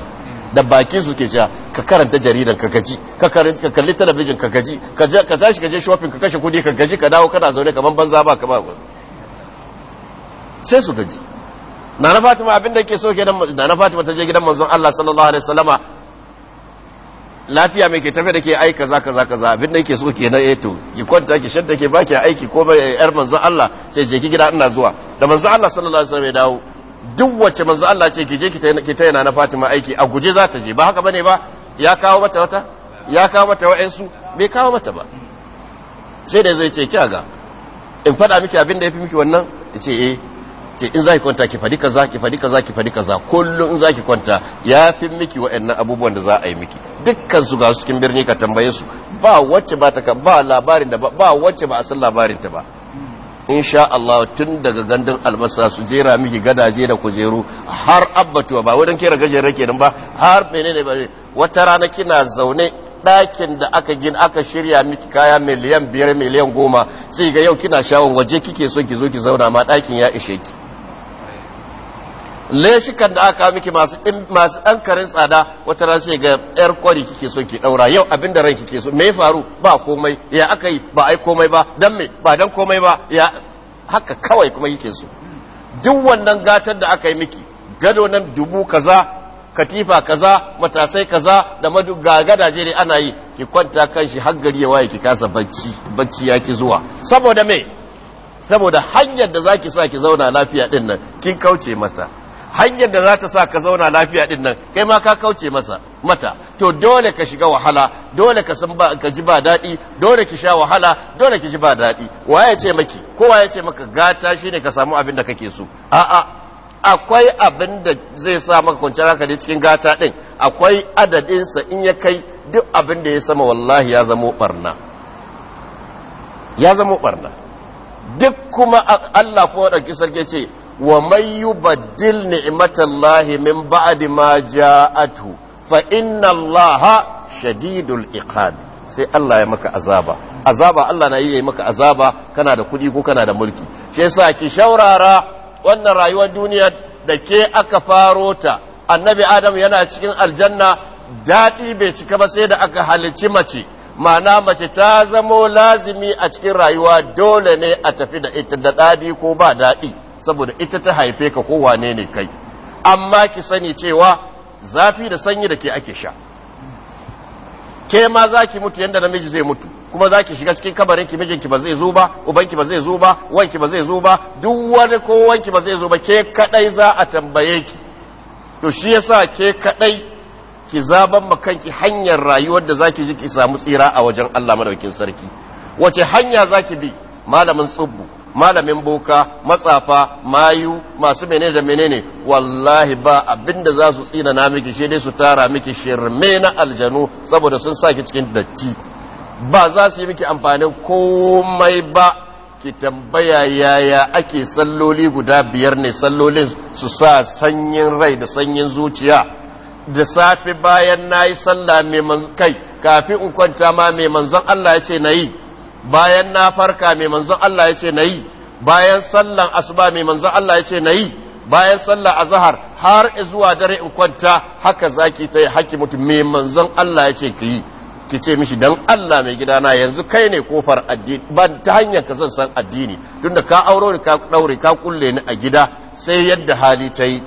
da baki suke cewa ka karanta jaridan ka gaji ka karanta kalli talabijin ka gaji ka je ka tashi ka je shopping ka kashe kudi ka gaji ka dawo kana zaune kaman banza ba ka ba sai su gaji nana fatima abin da ke so na nana fatima ta je gidan manzon Allah sallallahu alaihi wasallama lafiya mai ke tafi da ke aiki kaza kaza kaza abin da yake so kenan na eh eto ki kwanta ki shanta ke baki aiki ko bai eh, yar manzon Allah sai je ki gida ina zuwa da manzon Allah sallallahu alaihi wasallama ya dawo duk wacce manzo Allah ce ki je ki ta yana na Fatima aiki a guje za ta je ba haka bane ba ya kawo mata wata ya kawo mata wa'ansu bai kawo mata ba sai da zai ce kiya ga in faɗa miki abin da yafi miki wannan ce eh ce in za ki kwanta ki fadi kaza ki fadi kaza ki fadi kaza kullum in za ki kwanta ya fi miki wa'annan abubuwan da za a yi miki dukkan su ga su cikin birni ka tambaye su ba wacce ba ta ba labarin da ba wacce ba a san labarin ta ba insha Allah tun daga gandun albasa su jera miki gadaje da kujeru har abbatuwa ba wadan kera gajere kenan ba har menene ba wata rana kina zaune dakin da aka gina aka shirya miki kaya miliyan biyar miliyan goma sai ga yau kina shawon waje kike so ki zo ki zauna ma dakin ya ishe ki leshikan da aka miki masu masu ɗan tsada wata ran sai ga yar kwari kike so ki daura yau abin da ran kike so me faru ba komai ya aka yi ba ai komai ba dan me ba dan komai ba ya haka kawai kuma kike so duk wannan gatar da aka yi miki gado nan dubu kaza katifa kaza matasai kaza da madu gadaje jere ana yi ki kwanta kan shi har gari ya waye ki kasa bacci bacci ya ki zuwa saboda me saboda hanyar da zaki sa ki zauna lafiya din kin kauce masa hanyar da za ta sa ka zauna lafiya din nan kai ma ka kauce masa mata to dole ka shiga wahala dole ka san ka ji ba daɗi dole ki sha wahala dole ki ji ba daɗi waye ce maki kowa ya ce maka gata shine ka samu abin da kake so a'a akwai abin da zai sa maka kwanciyar hankali cikin gata din akwai adadinsa in ya kai duk abin da ya sama wallahi ya zamo barna ya zama barna duk kuma Allah kuma ɗauki sarki ce wa mai yi baddil ni'imatallahi min ba'adi ma ja'atu fa inna Allah shadidul iqab sai Allah ya maka azaba azaba Allah na yi ya maka azaba kana da kuɗi ko kana da mulki shi yasa ki shaurara wannan rayuwar duniya da ke aka faro ta annabi Adam yana cikin aljanna daɗi bai cika ba sai da aka halicci mace ma'ana mace ta zamo lazimi a cikin rayuwa dole ne a tafi da ita da daɗi ko ba daɗi saboda ita ta haife ka ko wane ne kai amma ki sani cewa zafi da sanyi da ke ake sha ke ma za ki mutu yadda namiji zai mutu kuma za ki shiga cikin kabarin ki mijinki ba zai zo ba ubanki ba zai zo ba wanki ba zai zo ba duk wani ko wanki ba zai zo ba ke kadai za a tambaye ki to shi yasa ke kadai ki zaban ma kanki hanyar rayuwar da zaki ji ki samu tsira a wajen Allah madaukakin sarki wace hanya zaki bi malamin tsubbu malamin boka matsafa mayu masu menene da menene wallahi ba abinda za su tsina na miki shi dai su tara miki shirme na aljanu saboda sun saki cikin datti ba za su yi miki amfanin komai ba ki tambaya yaya ake salloli guda biyar ne sallolin su sa sanyin rai da sanyin zuciya da safe bayan na yi sallah mai kai kafin in kwanta ma mai manzan Allah ya ce na yi bayan na farka mai manzan Allah ya ce na yi bayan sallan asuba mai manzan Allah ya ce na yi bayan sallah azahar har zuwa dare in kwanta haka zaki ta yi haki mutum mai manzan Allah ya ce ki yi ki ce mishi dan Allah mai gidana yanzu kai ne kofar addini ba ta hanyar ka zan san addini tunda ka auro ni ka daure ka kulle ni a gida sai yadda hali ta yi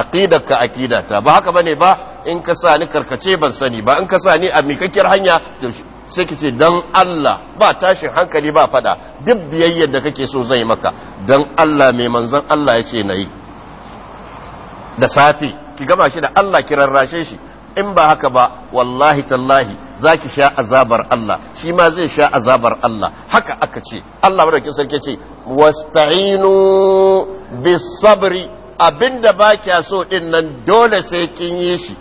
aqidarka aqidata ba haka bane ba in ka sa ni karkace ban sani ba in ka sa ni a mikakkiyar hanya to sai kace dan Allah ba tashin hankali ba fada duk biyayyar da kake so zai maka dan Allah mai manzon Allah yace nayi da safi ki gama shi da Allah kirarrashe shi in ba haka ba wallahi tallahi zaki sha azabar Allah shi ma zai sha azabar Allah haka aka ce Allah madaukin sarki ce wasta'inu bis sabri abinda ba kya so din nan dole sai kin yi shi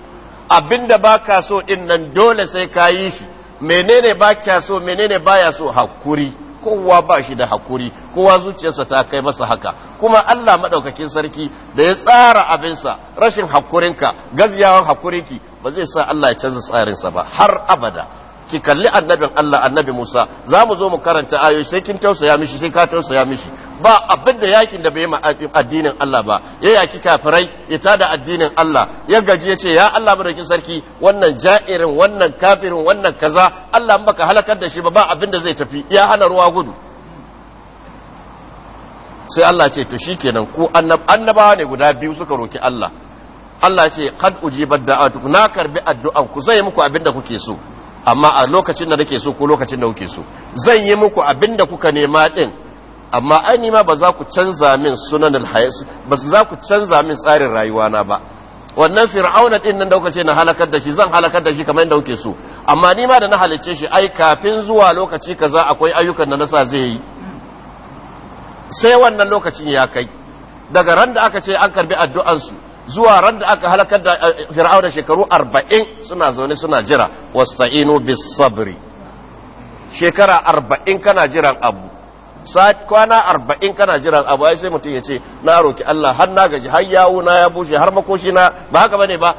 abinda ba ka so din nan dole sai ka yi shi menene ba kya so menene ba ya so hakuri kowa ba shi da hakuri kowa zuciyarsa ta kai masa haka kuma Allah madaukakin sarki da ya tsara abinsa rashin hakurinka gaziyawan hakurinki ba zai sa Allah ya canza tsarinsa ba har abada ki kalli annabin Allah annabi Musa za mu zo mu karanta ayoyi sai kin tausaya mishi sai ka tausaya mishi ba abin da yakin da bai ma addinin Allah ba ya yaki kafirai ya tada addinin Allah ya gaji ya ce ya Allah dauki sarki wannan ja'irin wannan kafirin wannan kaza Allah in baka halakar da shi ba ba abin da zai tafi ya hana ruwa gudu sai Allah ce to shikenan ko annabawa ne guda biyu suka roki Allah Allah ce kad ujibat da'atuk na karbi addu'an ku zai muku abin da kuke so amma a lokacin da nake so ko lokacin da kuke so zan yi muku abin da kuka nema din amma ai ma ba za ku canza min sunan alhayas ba za ku canza min tsarin rayuwana ba wannan fir'auna din nan da kuka ce na halakar da shi zan halakar da shi kamar yadda kuke so amma ni ma da na halicce shi ai kafin zuwa lokaci kaza akwai ayyukan da nasa zai yi sai wannan lokacin ya kai daga ran da aka ce an karbi addu'ansu zuwa ran da aka halakar da eh, da shekaru arba'in suna zaune suna jira wasta'inu bis sabri shekara arba'in kana jiran abu kwana arba'in kana jiran abu ai sai mutum ya ce na roki Allah har na gaji har yawo na ya bushe har makoshi na ba haka bane ba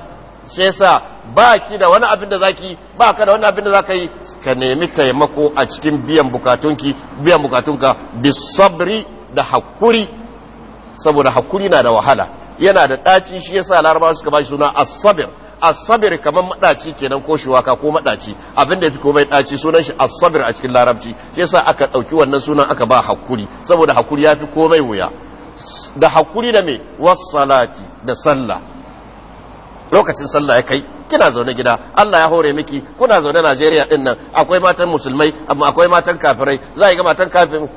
sai sa ba ki da wani abin da zaki ba ka da wani abin da zaka yi ka nemi taimako a cikin biyan bukatunki biyan bukatunka bis sabri da hakuri saboda hakuri na da wahala yana da ɗaci shi ya sa larabawa suka bashi suna asabir asabir sabir kamar maɗaci kenan ko shuwaka ko maɗaci abinda fi komai ɗaci sunan shi asabir a cikin larabci shi ya sa aka ɗauki wannan sunan aka ba hakuri saboda hakuri ya yafi komai wuya da hakuri da me wasu salati da sallah lokacin sallah ya kai kina zaune gida Allah ya hore miki kuna zaune Najeriya din nan akwai matan musulmai amma akwai matan kafirai za ga matan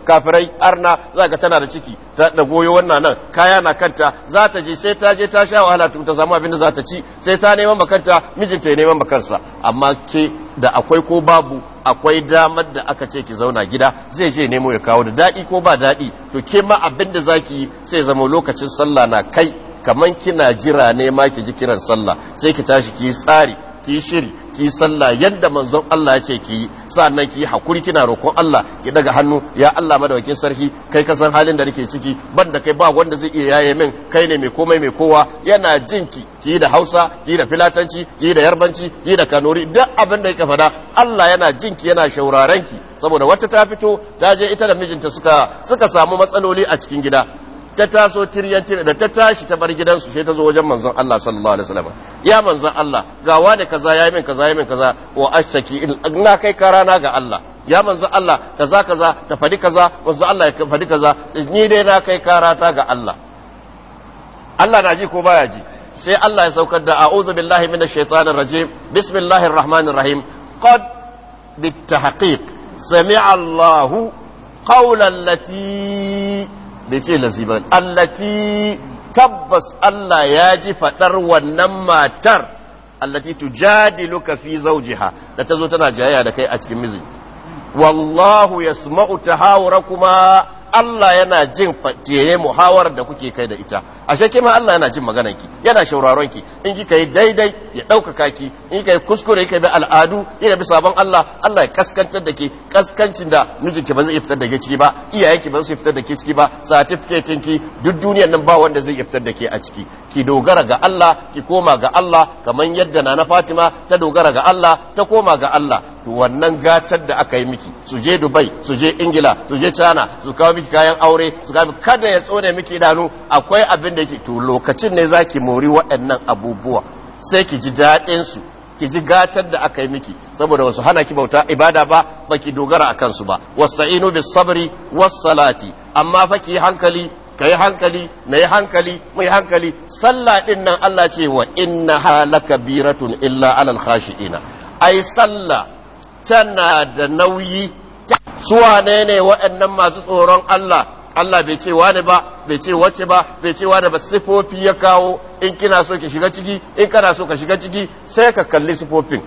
kafirai arna za ga tana da ciki ta da goyo wannan nan kaya na kanta za ta je sai ta je ta sha wahala tun ta samu abin da za ta ci sai ta neman makanta mijinta ya neman makansa amma ke da akwai ko babu akwai damar da aka ce ki zauna gida zai je nemo ya kawo da daɗi ko ba daɗi to ke ma abin da zaki sai zama lokacin sallah na kai kamar kina jira ne ma ki ji kiran sallah sai ki tashi ki tsari ki shiri ki sallah yadda manzon Allah ya ce ki yi sannan ki hakuri kina roƙon Allah ki daga hannu ya Allah madawakin sarki kai ka san halin da nake ciki banda kai ba wanda zai iya yaye min kai ne mai komai mai kowa yana jin ki ki da Hausa ki da Filatanci ki da Yarbanci ki da Kanuri duk abin da yake faɗa Allah yana jin ki yana shauraren ki saboda wata ta fito ta je ita da mijinta suka suka samu matsaloli a cikin gida ta taso tiryan tiryan da ta tashi ta bar gidansu sai ta zo wajen manzon Allah sallallahu alaihi wasallam ya manzon Allah ga wani kaza yayi min kaza yayi min kaza wa ashtaki na kai karana ga Allah ya manzon Allah kaza kaza ta fadi kaza manzon Allah ya fadi kaza ni dai na kai karata ga Allah Allah na ji ko baya ji sai Allah ya saukar da a'udhu billahi minash shaitanir rajim bismillahir rahmanir rahim qad bitahqiq sami'a Allahu qawlan lati bai ce lazi allati tabbas Allah ya ji faɗar wannan matar allati tujadiluka fi zawjiha da tazo tana jayayya da kai a cikin miji wallahu yasma'u tahawurakuma Allah yana jin jere muhawarar da kuke kai da ita ashe ma Allah yana jin maganar ki yana shauraron ki in kika yi daidai ya ɗaukaka ki in kika yi kuskure kika bi al'adu kika bi sabon Allah Allah ya kaskantar da ke kaskancin da mijinki ba zai fitar da ke ciki ba iyayenki ba zai fitar da ke ciki ba certificate ki duk duniyar nan ba wanda zai iya fitar da ke a ciki ki dogara ga Allah ki koma ga Allah kamar yadda nana Fatima ta dogara ga Allah ta koma ga Allah to wannan gatar da aka yi miki su je dubai su je ingila su je china su kawo miki kayan aure su kawo kada ya tsone miki idanu akwai abin da yake to lokacin ne za ki mori waɗannan abubuwa sai ki ji daɗinsu ki ji gatar da aka yi miki saboda wasu hana ki bauta ibada ba ba ki dogara a kansu ba wasta'inu bi sabri was salati amma fa ki hankali kai hankali nayi hankali mai hankali sallah din nan Allah ce wa inna halaka biratun illa alal khashiina ai sallah tana da nauyi su ne ne waɗannan masu tsoron Allah Allah bai ce wani ba bai ce wace ba bai ce wani ba sifofi ya kawo in kina so ki shiga ciki in kana so ka shiga ciki sai ka kalli sifofin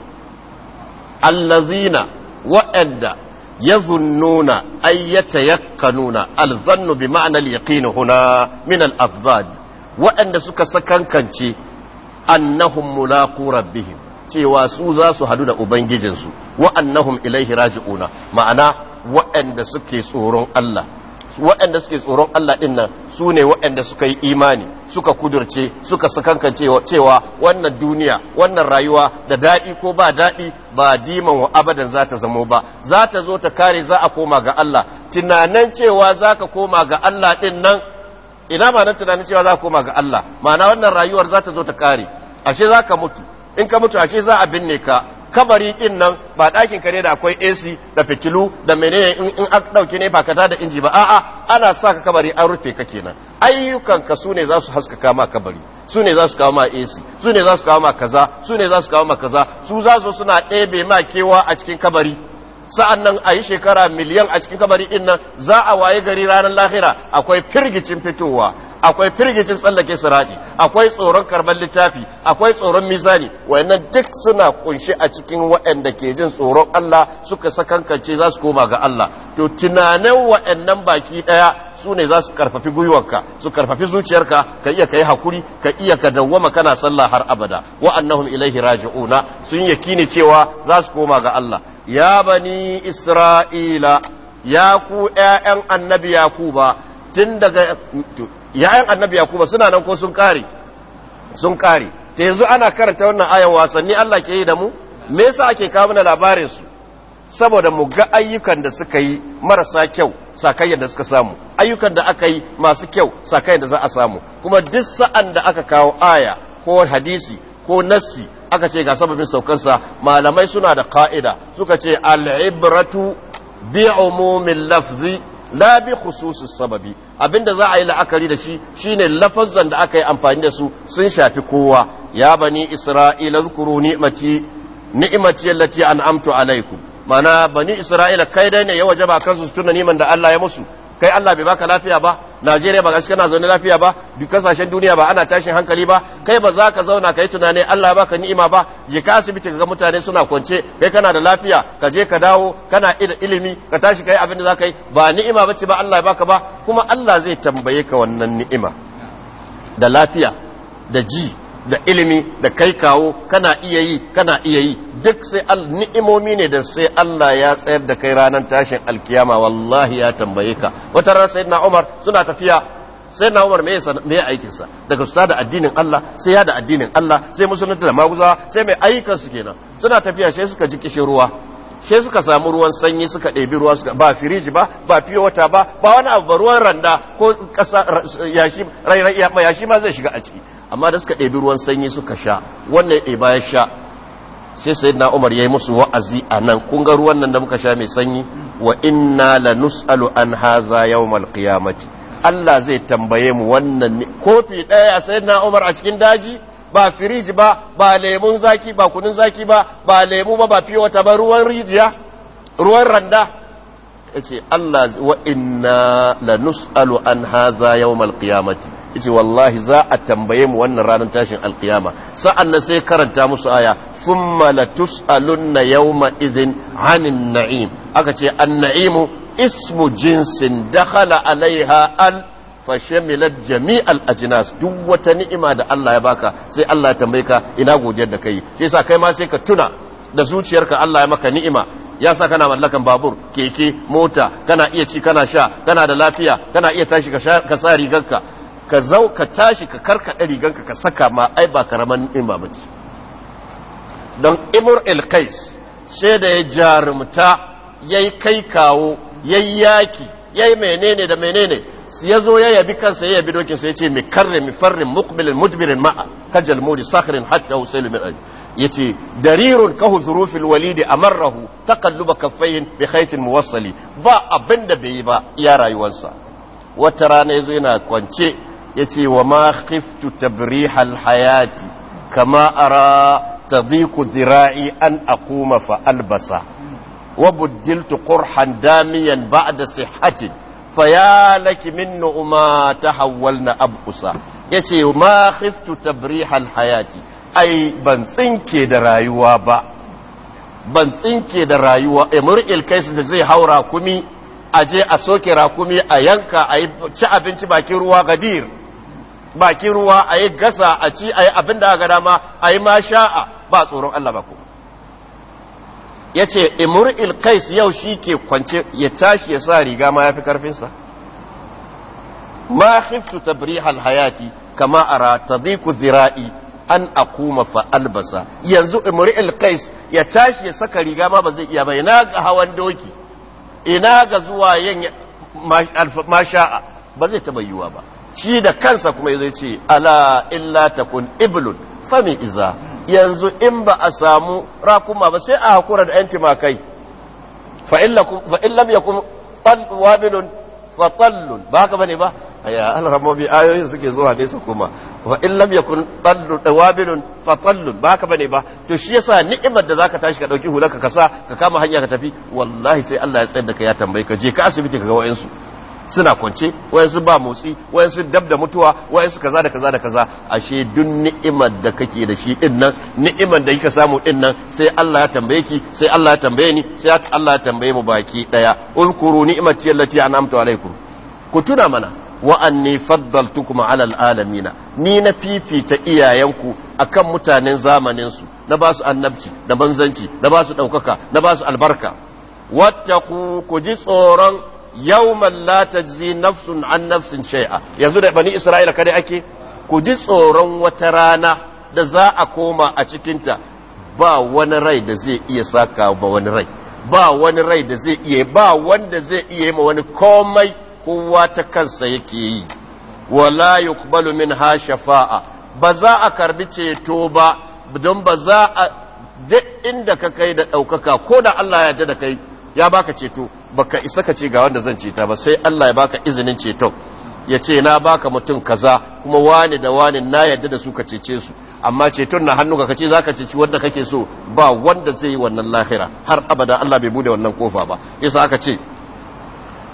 allazina waɗanda yazunnuna ayyata yatayakkanuna alzannu bi ma'na al-yaqin huna min al-afdad waɗanda suka sakankance annahum mulaqu rabbihim cewa su za su hadu da ubangijinsu wa'annahum ilaihi raji'una ma'ana waɗanda suke tsoron Allah waɗanda suke tsoron Allah ɗin nan su ne waɗanda suka yi imani suka kudurce suka sakankance cewa wannan duniya wannan rayuwa da daɗi ko ba daɗi ba diman wa abadan za ta zamo ba za ta zo ta kare za a koma ga Allah tunanin cewa za ka koma ga Allah ɗin nan ina ma nan tunanin cewa za ka koma ga Allah ma'ana wannan rayuwar za ta zo ta kare ashe za ka mutu in ka mutu ashe za a binne ka kabari din nan ba ɗakin ne da akwai AC da fitilu da menene in in an dauke ne ba da inji ba a'a ana sa ka kabari an rufe ka kenan ayyukan ka sune za su haska ka ma kabari sune za su kawo ma AC sune za su kawo ma kaza sune za su kawo ma kaza su za su suna ɗebe ma kewa a cikin kabari sa'an nan a yi shekara miliyan a cikin kabari din nan za a waye gari ranar lahira akwai firgicin fitowa akwai firgicin tsallake sirati akwai tsoron karban littafi akwai tsoron misali. wayannan duk suna kunshi a cikin waɗanda ke jin tsoron Allah suka sakankance za su koma ga Allah to tunanin waɗannan baki ɗaya su ne za su karfafi gwiwarka su karfafi zuciyarka ka iya kai hakuri ka iya ka dawwama kana sallah har abada wa annahum ilaihi raji'una sun yakini cewa za su koma ga Allah ya bani isra'ila ya ku ƴaƴan annabi yakuba tun daga yayan annabi yakuba suna nan ko sun kare sun kare ta yanzu ana karanta wannan ayan wasanni Allah ke yi da mu me yasa ake kawo mana labarin su saboda mu ga ayyukan da suka yi marasa kyau sakayyar da suka samu ayyukan da aka yi masu kyau sakayyar da za a samu kuma duk sa'an da aka kawo aya ko hadisi ko nassi aka ce ga sababin saukansa malamai suna da ka'ida suka ce al'ibratu bi umumil lafzi la bi khususus sababi abinda za a yi la'akari da shi shine lafazzan da aka yi amfani da su sun shafi kowa ya bani isra'ila zkuru ni'mati ni'mati allati an'amtu alaikum mana bani isra'ila kai dai ne ya wajaba kansu su tuna niman da Allah ya musu kai Allah bai baka lafiya ba Najeriya ba gashi kana zaune lafiya ba duk kasashen duniya ba ana tashin hankali ba kai ba za ka zauna kai tunani Allah baka ni'ima ba je ka asibiti ga mutane suna kwance kai kana da lafiya ka je ka dawo kana da ilimi ka tashi kai abin da za ka yi ba ni'ima ce ba Allah baka ba kuma Allah zai tambaye ka wannan ni'ima da lafiya da ji da ilimi da kai kawo kana iya yi kana iya yi duk sai ni'imomi ne da sai Allah ya tsayar da kai ranar tashin alkiyama wallahi ya tambaye ka wata ran sayyidina Umar suna tafiya sayyidina Umar me yasa me aikin sa daga su da addinin Allah sai ya da addinin Allah sai musulunta da maguzawa sai mai ayyukan su kenan suna tafiya sai suka ji kishin ruwa sai suka samu ruwan sanyi suka ɗebi ruwa suka ba firiji ba ba fiye wata ba ba wani abu ruwan randa ko ƙasa yashi ma zai shiga a ciki amma da suka ɗebi ruwan sanyi suka sha wannan ya baya sha sai sai na umar ya yi musu wa'azi a nan kun ga ruwan nan da muka sha mai sanyi wa inna la nus'alu an haza yawmal qiyamati Allah zai tambaye mu wannan ne. kofi ɗaya sai na umar a cikin daji ba firiji ba ba lemun zaki ba kunun zaki ba ba lemu ba ba fiye wata ba ruwan rijiya ruwan randa ya ce Allah wa inna la nus'alu an haza yawmal qiyamati yace wallahi za a tambaye mu wannan ranar tashin alkiyama sa'an nan sai karanta musu aya thumma latus'alunna yawma idhin 'anil na'im aka ce an-na'imu ismu jinsin dakhala 'alayha al fashamilat jami'al ajnas duk wata ni'ima da Allah ya baka sai Allah ya tambaye ka ina godiyar da kai shi yasa kai ma sai ka tuna da zuciyarka Allah ya maka ni'ima ya sa kana mallakan babur keke mota kana iya ci kana sha kana da lafiya kana iya tashi ka sa rigarka ka zau ka tashi ka karkaɗa riganka ka saka ma ai ba karaman in ba mace don ibur ilkais sai da ya jarumta ya yi kai kawo ya yi yaki ya yi menene da menene ya zo ya yabi kansa ya yabi dokinsa ya ce mai karre mai farrin mukbilin mudbirin ma'a kajal muri sakhirin hatta husailu min ali ya ce darirun kahu zurufin walidi a marrahu takalluba kafayin bi haitin muwassali ba abinda bai yi ba ya rayuwarsa wata rana ya zo yana kwance ya ce wa ma khiftu tabrihal hayati kama ara tadhiqu zira'i an aquma fa albasa wa buddiltu qurhan damiyan ba'da sihhatin fayalaki min nu'ma tahawwalna abqusa yace ma khiftu tabrihal hayati ai ban tsinke da rayuwa ba ban tsinke da rayuwa imril kaisu da zai haura kumi aje a soke rakumi a yanka a ci abinci bakin ruwa gadir Bakin ruwa a yi gasa a ci a yi abin da aka dama a yi ma sha'a ba tsoron Allah ba kuma ya ce imur kais yau shi ke kwance ya tashi ya sa riga ma ya fi karfinsa ma ta tabrihal hayati kama ara ku zira'i an akuma fa albasa yanzu imur ilkais ya tashi ya saka riga ma ba zai iya ba ina ga hawan doki ina ga zuwa yin masha'a ba zai taba yiwa ba shi da kansa kuma zai ce ala illa takun iblun fami iza yanzu in ba a samu rakuma ba sai a hakura da yanti kai fa in lam yakun wabilun fa tallun ba haka bane ba ya bi ayoyin suke zuwa nesa kuma wa in lam yakun tallun eh, wabilun fa tallun ba haka bane ba to shi yasa ni'imar da zaka tashi ka dauki hulaka ka sa ka kama hanya ka tafi wallahi sai Allah ya tsayar da ka ya tambaye ka je ka asibiti ka ga wayansu suna kwance wayansu ba motsi wayansu dab da mutuwa wayansu kaza da kaza da kaza ashe duk ni'imar da kake da shi din nan ni'imar da kika samu din nan sai Allah ya tambaye ki sai Allah ya tambaye ni sai Allah ya tambaye mu baki daya uzkuru ni'mati allati an'amtu alaykum ku tuna mana wa anni faddaltukum ala alalamina ni na fifita iyayenku akan mutanen zamanin su na ba su annabci da banzanci na ba su daukaka na ba su albarka wattaqu ku ji tsoron yawman la tajzi nafsun an nafsin shay'a yanzu da bani isra'ila kada ake ku ji tsoron wata rana da za a koma a cikinta ba wani rai da zai iya saka ba wani rai ba wani rai da zai iya ba wanda zai iya ma wani komai kowa ta kansa yake yi wala yuqbalu minha shafa'a ba za a karbi ceto ba don ba za a duk inda ka kai da ɗaukaka ko da Allah ya da kai ya baka ceto baka isa ka ce ga wanda zan ceta ba sai Allah ya baka izinin ceto ya ce na baka mutum kaza kuma wani da wani na yadda da su ka cece su amma ceton na hannu ka ce ka ceci wanda kake so ba wanda zai yi wannan lahira har abada Allah bai bude wannan kofa ba yasa aka ce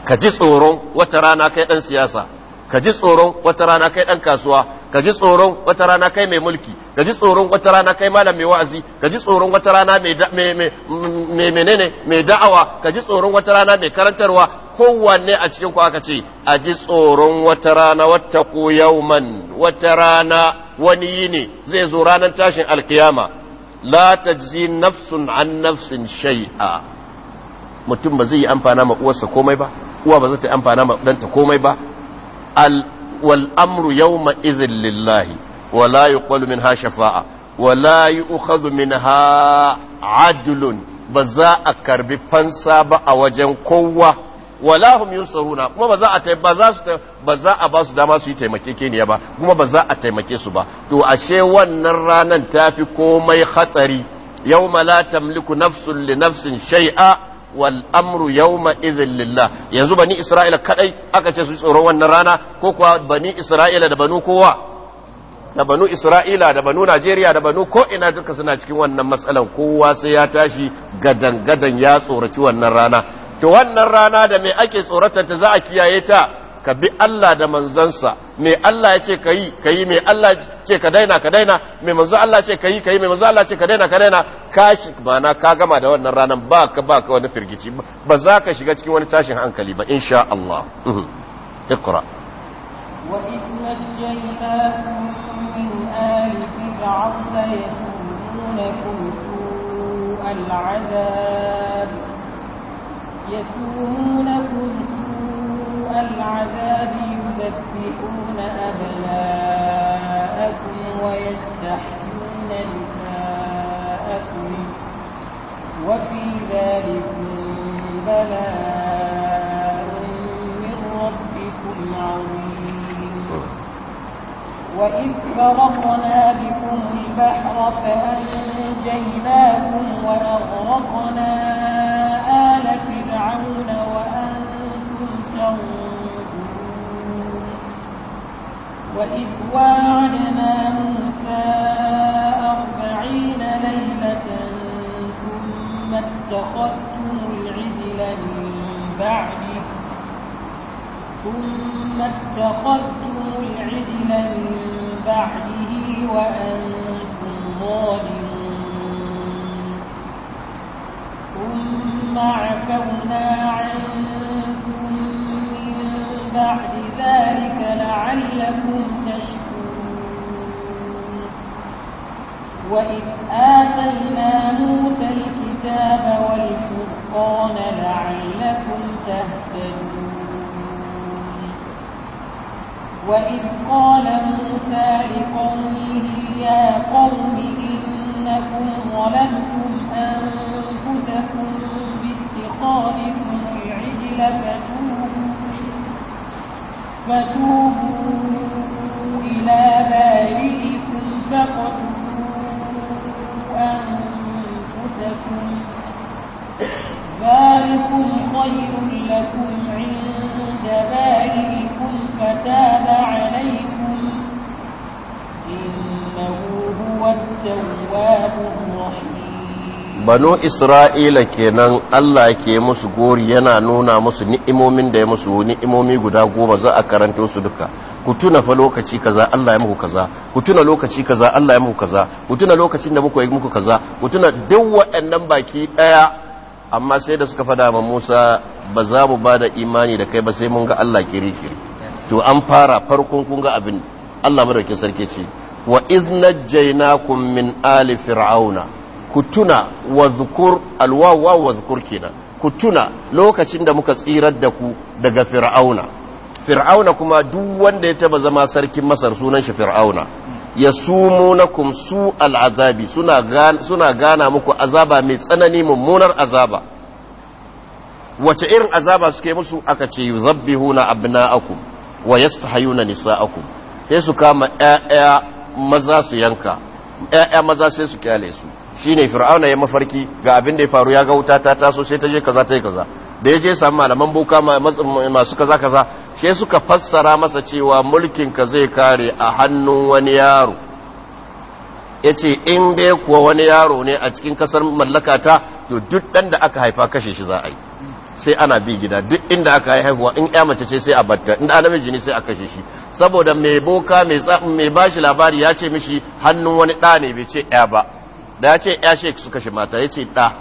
ka ji tsoron wata rana kai dan siyasa ka ji tsoron wata rana kai ɗan kasuwa ka ji tsoron wata rana kai mai mulki ka ji tsoron wata rana kai malam mai wa'azi ka ji tsoron wata rana mai menene mai da'awa ka ji tsoron wata rana mai karantarwa kowanne a cikin ku aka ce a ji tsoron wata rana wata ko yauman wata rana wani yini zai zo ranar tashin alkiyama la tajzi nafsun an nafsin shay'a mutum ba zai yi amfana ma uwarsa komai ba uwa ba za ta yi amfana ma ɗanta komai ba والأمر يومئذ لله ولا يقبل منها شفاعة ولا يؤخذ منها عدل بزاء كرب فانساب أوجن قوة wala hum yusaruna kuma ba za a ba za su ba za a ba su dama su yi taimakekeniya ba kuma ba za a taimake su ba to ashe wannan ranan tafi komai hatsari yawma la tamliku nafsun li nafsin shay'a wal amru yawma idhin lillah yanzu bani isra'ila kadai aka ce su tsoron wannan rana ko kuwa bani isra'ila da banu kowa da banu isra'ila da banu najeriya da banu ko ina duka suna cikin wannan matsalan kowa sai ya tashi gadan gadan ya tsoraci wannan rana to wannan rana da me ake tsoratar ta za a kiyaye ta ka bi Allah da manzansa mai Allah ya ce ka yi ka yi mai Allah ce ka daina ka daina mai manzo Allah ce ka yi ka yi mai manzo Allah ce ka daina ka daina ka shi mana ka gama da wannan ranar ba ka ba ka wani firgici ba za ka shiga cikin wani tashin hankali ba insha Allah اقرأ وإذ نجيناكم من آل فرعون azab, سوء العذاب يذبحون أبناءكم ويستحيون نساءكم وفي ذلكم بلاء من ربكم عظيم وإذ فرقنا بكم البحر فأنجيناكم وأغرقنا آل فرعون وآل وإذ وعدنا موسى أربعين ليلة ثم اتخذتم العجل من بعده ثم اتخذتم العجل من بعده وأنتم ظالمون ثم عفونا عنكم بعد ذلك لعلكم تشكرون وإذ آتينا موسى الكتاب والفرقان لعلكم تهتدون وإذ قال موسى لقومه يا قوم فتوبوا banu isra'ila kenan Allah ke musu gori yana nuna musu ni'imomin da ya musu ni'imomi guda goma za a karanto su duka ku tuna fa lokaci kaza Allah ya muku kaza ku tuna lokaci kaza Allah ya muku kaza ku tuna lokacin da muku yi muku kaza ku tuna duk waɗannan baki ɗaya amma sai da suka fada ma Musa ba za mu ba da imani da kai ba sai mun ga Allah kiri kiri to an fara farkon kun ga abin Allah madaukin sarki ce wa iz min ali fir'auna kutuna tuna wa zukur alwawa wa zukur kenan ku tuna lokacin da muka tsirar da ku daga fir'auna fir'auna kuma duk wanda ya taba zama sarkin masar sunan shi fir'auna ya sumo na su al'azabi suna gana muku azaba mai tsanani mummunar azaba wace irin azaba suke musu aka ce yuzabbihuna abna'akum wa yastahayuna nisa'akum sai su kama ƴaƴa maza su yanka yaya maza sai su kyale su Shi ne fir'auna ya mafarki ga abin da ya faru ya ga wuta ta taso sai ta je kaza ta yi kaza da ya je samu malaman buka masu kaza kaza sai suka fassara masa cewa mulkin ka zai kare a hannun wani yaro yace in dai kuwa wani yaro ne a cikin kasar mallaka ta to duk dan da aka haifa kashe shi za a yi sai ana bi gida duk inda aka yi haihuwa in ya mace ce sai a batta inda ana namiji ne sai a kashe shi saboda mai boka mai bashi labari ya ce mishi hannun wani ɗa ne bai ce ya ba da ya ce ya shek su kashe mata ya ce ɗa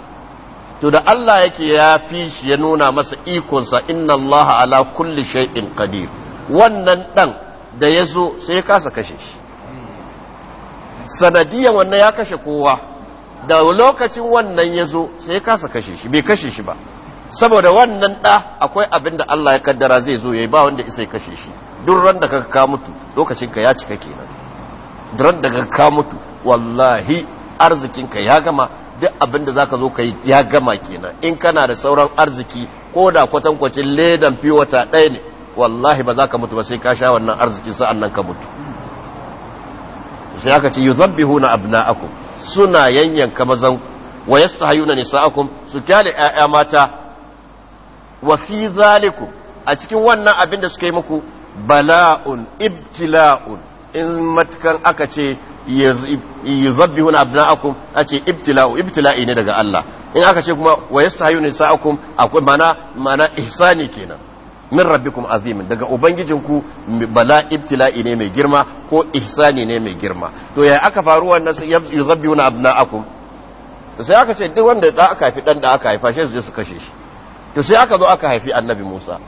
to da Allah yake ya fi shi ya nuna masa ikonsa inna Allah ala kulli shay'in qadir wannan ɗan da ya zo sai ya kasa kashe shi sanadiyan wannan ya kashe kowa da lokacin wannan ya zo sai ya kasa kashe shi bai kashe shi ba saboda wannan ɗa akwai abin da Allah ya kaddara zai zo yayi yi ba wanda isa ya kashe shi duk ran da ka mutu lokacin ka ya cika kenan duk ran da ka mutu wallahi arzikinka ya gama duk abin da zaka zo ka yi ya gama kenan in kana da sauran arziki ko da kwatankwacin ledan fi wata ɗaya ne wallahi ba za ka mutu ba sai ka sha wannan arziki sa'an nan ka mutu sai aka ce yuzabbihuna abna'akum suna ka mazan wa yastahayuna nisa'akum su kyale ƴaƴa mata wa fi zalikum a cikin wannan abin da suka yi muku bala'un ibtila'un in matkan aka ce yuzabbihu abna'akum ace ibtila'u ibtila'i ne daga Allah in aka ce kuma wa nisa'akum akwai mana mana ihsani kenan min rabbikum azimin daga ubangijinku bala ibtila'i ne mai girma ko ihsani ne mai girma to ya aka faru wannan yuzabbihu abna'akum to sai aka ce duk wanda da aka haifi dan da aka haifa shi zai su kashe shi to sai aka zo aka haifi annabi Musa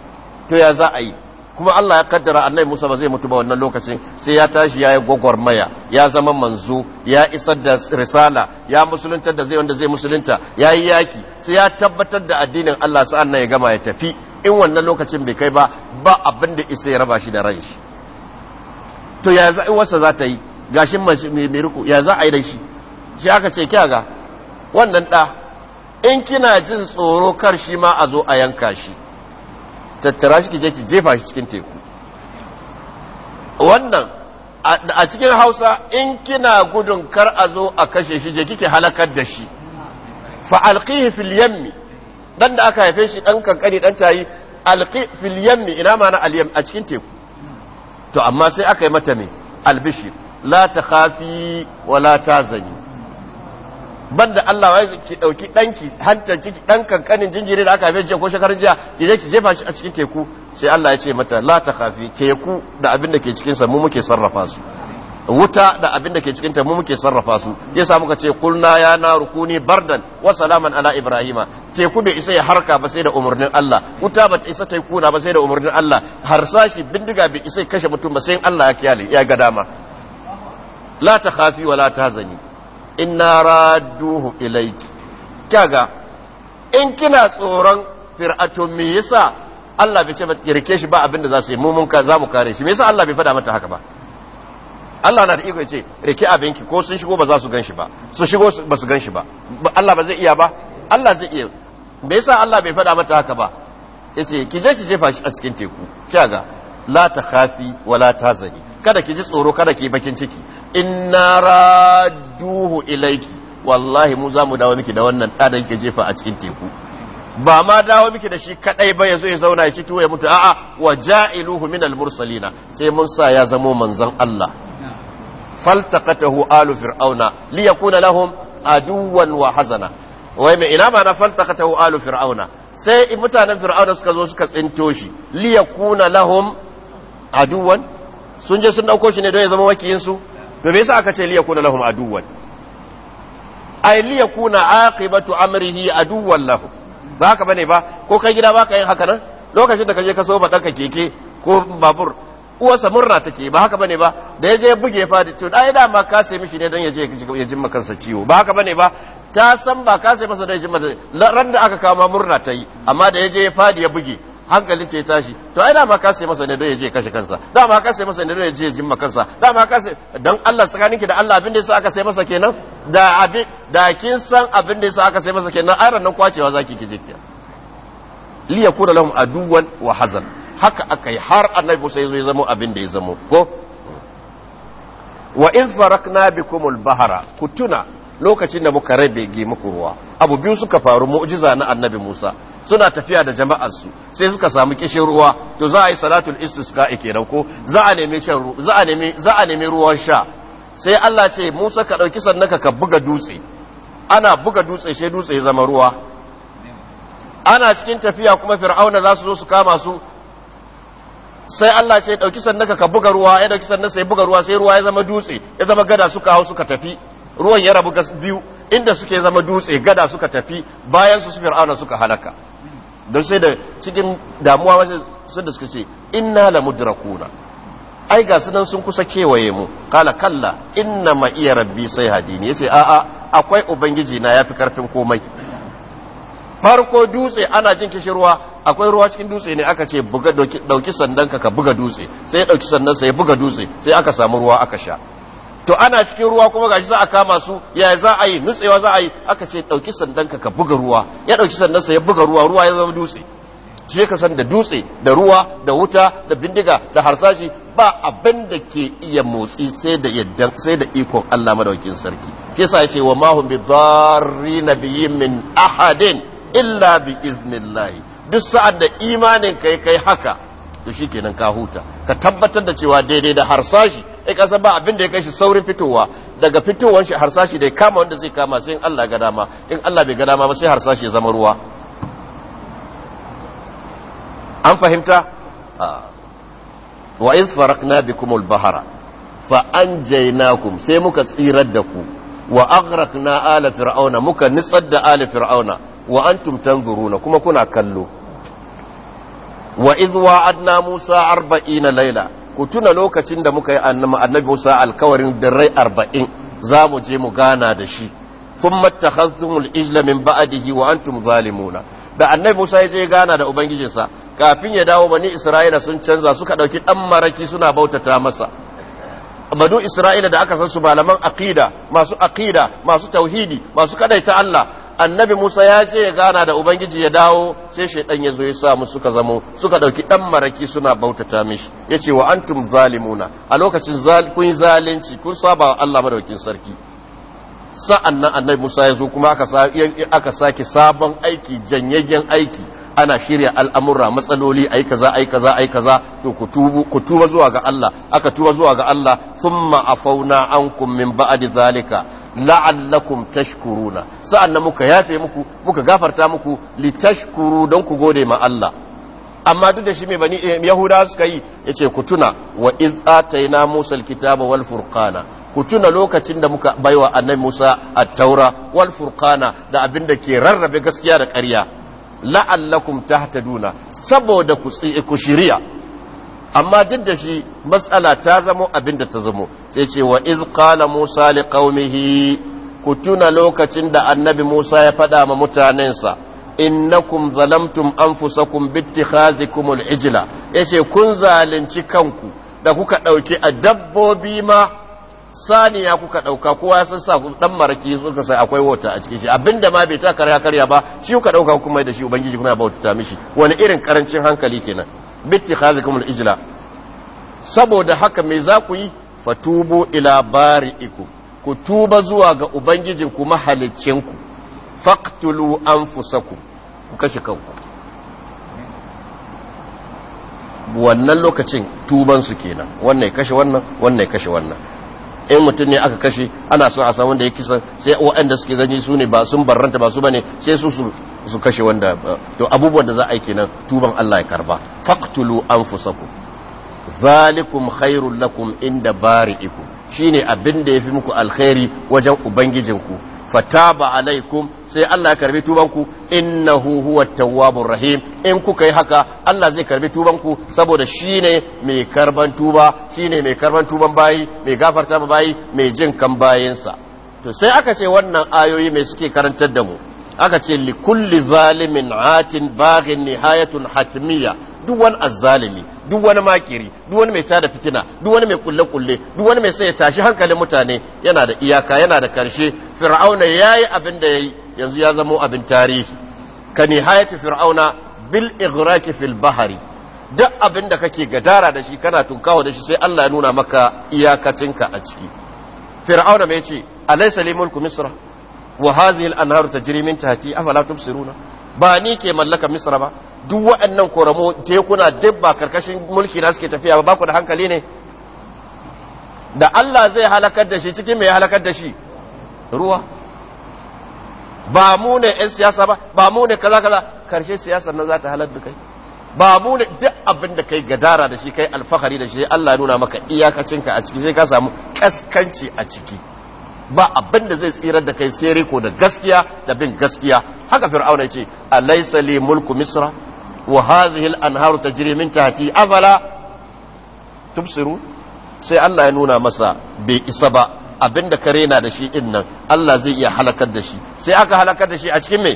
to ya za a yi kuma Allah ya kaddara annabi Musa ba zai mutu ba wannan lokacin sai ya tashi ya yi gwagwarmaya ya zama manzo ya isar da risala ya musulunta da zai wanda zai musulunta ya yi yaki sai ya tabbatar da addinin Allah sa'an nan ya gama ya tafi in wannan lokacin bai kai ba ba abin da isa ya raba shi da ran shi to ya za wasa za ta yi gashin mai riko ya za a yi da shi shi aka ce kya ga wannan da in kina jin tsoro kar shi ma a zo a yanka shi tattara shi ki je ki jefa shi cikin teku wannan a cikin hausa in kina gudun kar a zo a kashe shi je kike halakar da shi fa'alƙihi fil yammi dan da aka haife shi ɗan kankani ɗan tayi alƙi fil yammi ina mana al a cikin teku to amma sai aka yi mata me albishir la ta khafi wa ta zani banda Allah wai ki dauki danki hantar ciki dan kankanin jinjiri da aka haife jiya ko shekarun jiya ki je ki jefa shi a cikin teku sai Allah ya ce mata la ta khafi teku da abin da ke cikin sa mu muke sarrafa su wuta da abin da ke cikin ta mu muke sarrafa su yasa muka ce kulna ya na rukuni bardan wa salaman ala ibrahima teku bai isa ya harka ba sai da umarnin Allah wuta ba isa ta kuna ba sai da umarnin Allah harsashi bindiga bai isa kashe mutum ba sai Allah ya kiyale ya ga dama la ta khafi wa la tahzani inna radduhu ilayki kaga in kina tsoron fir'atun me yasa Allah bai ce ba kirke shi ba abinda za su yi mu mun ka za mu kare shi me yasa Allah bai faɗa mata haka ba Allah na da iko ce rike abinki ko sun shigo ba za su gan shi ba su shigo ba su gan shi ba Allah ba zai iya ba Allah zai iya me yasa Allah bai faɗa mata haka ba yace ki je ki jefa shi a cikin teku kiyaga la ta khafi wa la ta zani kada ki ji tsoro kada ki bakin ciki inna radduhu ilaiki wallahi mu za mu dawo miki da wannan ɗadan ke jefa a cikin teku ba ma dawo miki da shi kadai ba yazo ya zauna ya ci ya mutu a'a wa ja'iluhu min al-mursalina sai mun sa ya zamo manzon Allah faltaqatahu alu fir'auna li yakuna lahum aduwan wa hazana wai mai ina ba na faltaqatahu alu fir'auna sai mutanen fir'auna suka zo suka tsinto shi li yakuna lahum aduwan sun je sun ɗauko shi ne don ya zama makiyinsu to me yasa aka ce liyakuna lahum aduwan ay liyakuna aqibatu amrihi aduwan lahum ba haka bane ba ko kai gida baka yin haka nan lokacin da kaje ka so ba ka keke ko babur uwarsa murna take ba haka bane ba da yaje buge fadi to ai da ma ka sai mishi ne don yaje ya jimma kansa ciwo ba haka bane ba ta san ba ka sai masa da ya jimma ran da aka kama murna ta yi amma da yaje ya fadi ya buge hankalin ta ya tashi to ai dama ka sai masa ne don ya je kashe kansa dama ka sai masa ne don ya je jimma kansa dama ka sai dan Allah tsakaninki da Allah abin da yasa aka sai masa kenan da abin da kin san abin da yasa aka sai masa kenan ai ranan kwacewa zaki kije kiya li yakuna lahum aduwan wa hazan haka aka yi har annabi Musa ya zo ya zama abin da ya zama ko wa in farakna bikumul bahara kutuna lokacin da muka rabe ge muku ruwa abu biyu suka faru mu'jiza na annabi Musa suna tafiya da jama'arsu sai suka samu kishin ruwa to za a yi salatul istisqa kenan ko za a nemi shan za a nemi za a nemi ruwan sha sai Allah ce Musa ka dauki sannaka ka buga dutse ana buga dutse sai dutse ya zama ruwa ana cikin tafiya kuma fir'auna za su zo su kama su sai Allah ce dauki sannaka ka buga ruwa ya dauki sannan sai buga ruwa sai ruwa ya zama dutse ya zama gada suka hau suka tafi ruwan ya rabu biyu inda suke zama dutse gada suka tafi bayan su fir'auna suka halaka don sai da cikin damuwa wasu sun da suka ce inna la mudrakuna ai ga sunan sun kusa kewaye mu kala kalla inna ma iya rabbi sai hadini yace a a akwai ubangiji na yafi karfin komai farko dutse ana jin ruwa, akwai ruwa cikin dutse ne aka ce buga dauki sandanka ka buga dutse sai ya dauki sandan sai ya buga dutse sai aka samu ruwa aka sha to ana cikin ruwa kuma gashi za a kama su ya za a yi nutsewa za a yi aka ce dauki sandanka ka buga ruwa ya ɗauki sandansa ya buga ruwa ruwa ya zama dutse shi ka san da dutse da ruwa da wuta da bindiga da harsashi ba abin da ke iya motsi sai da yadda sai da ikon Allah madaukin sarki shi yasa yace wa mahum bi dharri min ahadin illa bi iznillah duk sa'an da imanin kai kai haka to shikenan ka huta ka tabbatar da cewa daidai da harsashi ya eh, kasa ba abin da ya kai shi saurin fitowa daga fitowar shi harsashi da ya kama wanda zai kama sai in Allah ga dama in Allah bai ga dama ba sai harsashi ya zama ruwa an fahimta ah. wa iz farakna bikum al-bahra fa anjaynakum sai muka tsirar da ku wa aghraqna ala fir'auna muka nitsar da ala fir'auna wa antum tanzuruna kuma kuna kallo wa iz wa'adna musa arba'ina layla ku tuna lokacin da muka yi annabi Musa alkawarin birrai arba'in za mu je mu gana da shi mata Hasdun ijla min ba'adihi wa antum zalimuna da annabi Musa ya je gana da ubangijinsa kafin ya dawo bani Isra'ila sun canza suka dauki dan maraki suna bautata masa Badu Isra'ila da aka san su malaman aqida masu aqida masu tauhidi masu kadaita Allah annabi Musa ya je ya gana da ubangiji ya dawo sai shaidan ya zo ya sa musu suka zamo suka dauki dan maraki suna bautata mishi ya ce wa antum zalimuna a lokacin kun yi zalunci kun saba wa Allah madaukin sarki sa'an nan annabi Musa ya zo kuma aka sake sabon aiki janyayyen aiki ana shirya al'amura matsaloli ai kaza ai kaza ai kaza to ku tuba zuwa ga Allah aka tuba zuwa ga Allah summa afauna ankum min ba'di zalika la'allakum tashkuruna sa'an nan muka yafe muku muka gafarta muku litashkuru don ku gode ma Allah amma duk da shi mai bani eh, yahudawa suka yi yace ku tuna wa iz ataina musa alkitaba wal furqana ku tuna lokacin da muka baiwa annabi musa at-taura wal furqana da abin da ke rarrabe gaskiya da ƙarya la'allakum tahtaduna saboda ku ku shiriya amma duk da shi matsala ta zamo abin da ta zamo sai ce wa iz qala musa li qaumihi ku tuna lokacin da annabi musa ya faɗa ma mutanensa innakum zalamtum anfusakum bittikhazikum al-ijla yace kun zalunci kanku da kuka dauki a dabbobi ma saniya kuka dauka kowa ya san sa dan maraki suka sai akwai wata a cikin shi abinda ma bai ta karya karya ba shi kuka dauka kuma da shi ubangiji kuna bauta mishi wani irin karancin hankali kenan باتخاذكم ijla saboda haka me za ku yi fatubu ila bari'iku ku tuba zuwa ga ubangijinku mahalicinku faqtulu anfusakum ku kashe kanku wannan lokacin tuban su kenan wannan ya kashe wannan wannan kashi wannan in mutum ne aka kashe ana son a san wanda ya kisa sai waɗanda suke zanyi su ne ba sun barranta ba su bane sai su su kashe wanda to abubuwan da za a yi kenan tuban Allah ya karba faqtulu anfusakum zalikum khairul lakum inda bari'ikum shine abin da yafi muku alkhairi wajen ubangijinku fataba alaikum sai Allah ya karbi tubanku innahu huwa tawwabur rahim in kuka yi haka Allah zai karbi tubanku saboda shine mai karban tuba shine mai karban tuban bayi mai gafarta ma bayi mai jin kan bayinsa to sai aka ce wannan ayoyi mai suke karantar da mu aka ce li kulli zalimin atin baghin nihayatun hatmiya duk wani azzalimi duk wani makiri duk wani mai tada fitina duk wani mai kulle kulle duk wani mai sai ya tashi hankalin mutane yana da iyaka yana da karshe fir'auna yayi abin da yayi yanzu ya zamo abin tarihi ka hayati fir'auna bil igraki fil bahari duk abin da kake gadara da shi kana tunkawa da shi sai Allah ya nuna maka iyakacinka a ciki fir'auna mai ce alaysa li mulku misra wa hadhihi al anharu tajri min tahti afala tubsiruna ba ni ke mallaka misra ba duk waɗannan koramo tekuna duk ba karkashin mulki na suke tafiya ba ku da hankali ne da Allah zai halakar da shi cikin mai halakar da shi ruwa ba mu ne 'yan siyasa ba ba mu ne kaza kaza karshe siyasar nan za ta halar da kai ba mu ne duk abin da kai gadara da shi kai alfahari da shi Allah nuna maka iyakacinka a ciki sai ka samu kaskanci a ciki ba abin da zai tsirar da kai sai riko da gaskiya da bin gaskiya haka fir'auna ce alaysa li mulku misra wa hadhihi al-anharu tajri min tahti afala tubsiru sai Allah ya nuna masa bai isa ba Abin da ka rena da shi din nan Allah zai iya halakar da shi sai aka halakar da shi a cikin me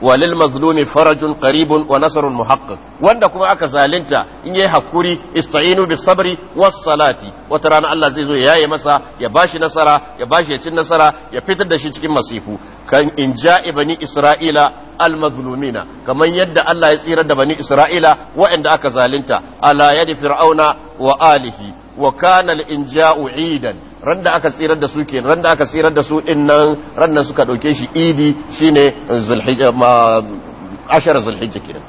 walil mazlumi farajun qaribun wa nasrun muhaqqaq wanda kuma aka zalunta in yayi hakuri ista'inu bis sabri was salati wata rana Allah zai zo ya yaye masa ya bashi nasara ya bashi ya cin nasara ya fitar da shi cikin masifu kan in ja'i bani isra'ila al mazlumina kamar yadda Allah ya tsirar da bani isra'ila waɗanda aka zalunta ala yadi fir'auna wa alihi wa kana al-inja'u idan randa aka tsirar da su kenan randa aka tsirar da su din nan rannan suka dauke shi idi shine zulhijja ashar zulhijja kenan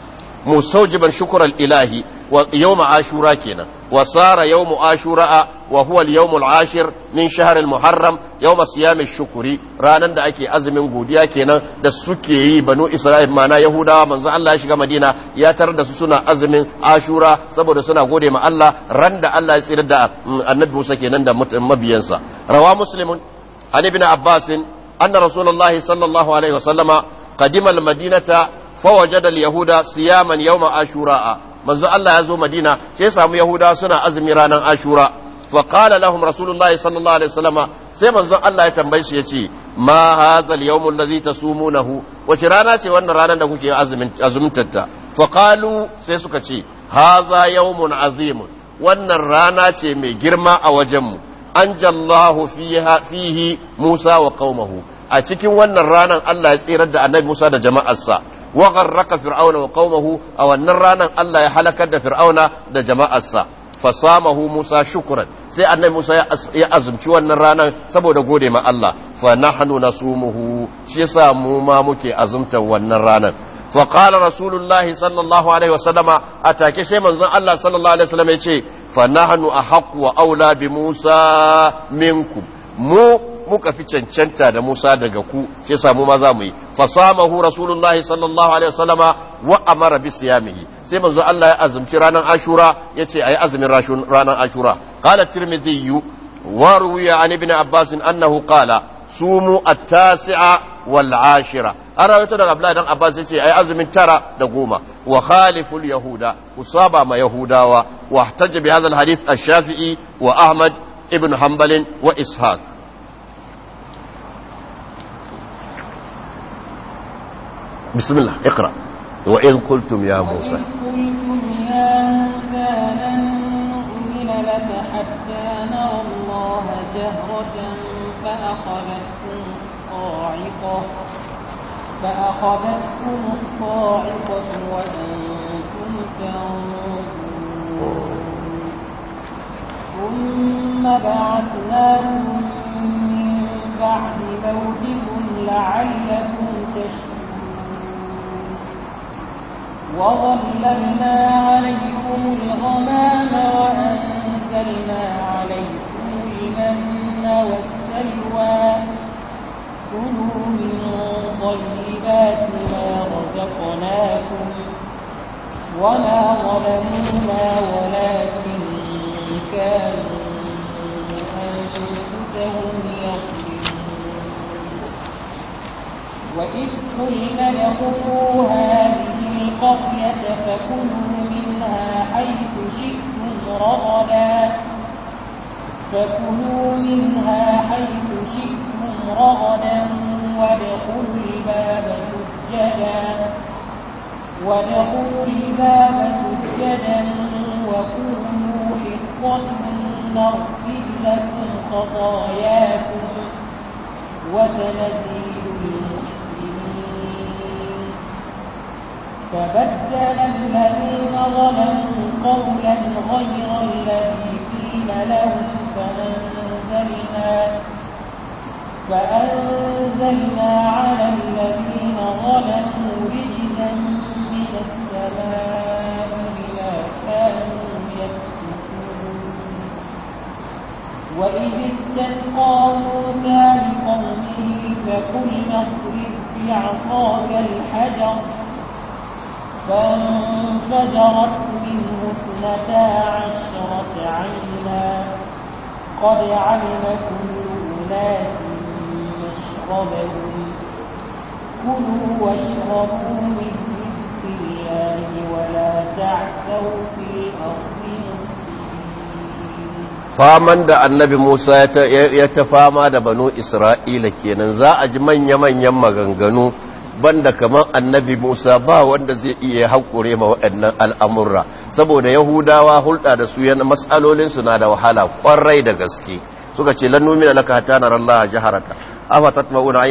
musawjiban shukran ilahi wa yawm ashura kenan wa sara yawm ashura wa huwa ashir min shahr al-muharram yawm siyam ash-shukri ranan da ake azumin godiya kenan da suke yi banu isra'il mana yahudawa manzo Allah shiga madina ya tarar da su suna azumin ashura saboda suna gode ma Allah ran da Allah ya tsira da mm, annabi Musa kenan da mabiyansa rawa muslimun an ibn abbas anna rasulullahi sallallahu alaihi wasallama qadima al-madinata فوجد اليهود صياما يوم عاشوراء manzo Allah ya zo Madina sai ya samu Yahudawa suna azumi ranar Ashura fa qala lahum rasulullahi sallallahu alaihi wasallama sai manzo Allah ya tambaye su yace ma hadha al-yawm allazi tasumunahu wace rana ce wannan ranar da kuke azumin azumtarta fa qalu sai suka ce hadha yawmun azim. wannan rana ce mai girma a wajenmu anjallahu fiha fihi Musa wa qaumahu a cikin wannan ranar Allah ya tsirar da Annabi Musa da jama'arsa wa gharraqa fir'auna wa qaumahu a wannan ranan Allah ya halakar da fir'auna da jama'arsa fasamahu Musa shukuran sai annabi Musa ya azumci wannan ranar saboda gode ma Allah fa nahnu nasumuhu shi yasa mu ma muke azumtar wannan ranan. fa qala rasulullahi sallallahu alaihi wasallama atake sai manzon Allah sallallahu alaihi wasallam yace fa nahnu ahqqu wa aula bi Musa minkum mu kuka fi cancanta da Musa daga ku sai samu ma za mu yi fasamahu rasulullahi sallallahu alaihi wasallama wa amara bi siyamihi sai manzo Allah ya azumci ranar Ashura yace ayi azumin ranar Ashura qala tirmidhi wa ruwiya an ibn abbas annahu qala sumu at-tasi'a wal 'ashira an rawaito daga Abdullahi dan Abbas yace ai azumin tara da goma wa khaliful yahuda usaba ma yahudawa wa ihtajja bi hadha al-hadith ash-shafi'i wa ahmad ibn hanbal wa ishaq بسم الله اقرأ وإذ قلتم يا موسى فأخذتكم الصاعقة فأخذتكم الصاعقة وأنتم تنظرون ثم بعثناكم من بعد موتكم لعلكم وظللنا عليكم الغمام وأنزلنا عليكم المن والسلوى كلوا من طيبات ما رزقناكم وما ظلمونا ولكن كانوا أنفسهم يظلمون وإذ قلنا لهم هذه القرية فكلوا منها حيث شئتم رغدا فكلوا منها حيث شئتم رغدا وادخلوا الباب سجدا وادخلوا الباب سجدا وكونوا حقا نغفر لكم خطاياكم وسنزيد فبدل الذين ظلموا قولا غير الذي قيل لهم فأنزلنا فأنزلنا على الذين ظلموا رجزا من السماء بما كانوا يفسقون وإذ استسقى موسى لقومه فقل اضرب بعصاك الحجر فانفجرت منه اثنتا عشرة عينا قد علم كل أناس مشربهم كلوا واشربوا من رزق الله ولا تعثوا في الأرض faman da annabi Musa ya ta fama da banu Isra'ila kenan za a ji manya-manyan maganganu banda kamar annabi Musa ba wanda zai iya haƙure ma waɗannan al'amurra saboda yahudawa hulɗa da su yana matsalolinsu na da wahala ƙwarai da gaske suka ce lannu da laka hata na rallaha jiharata afa tatma'una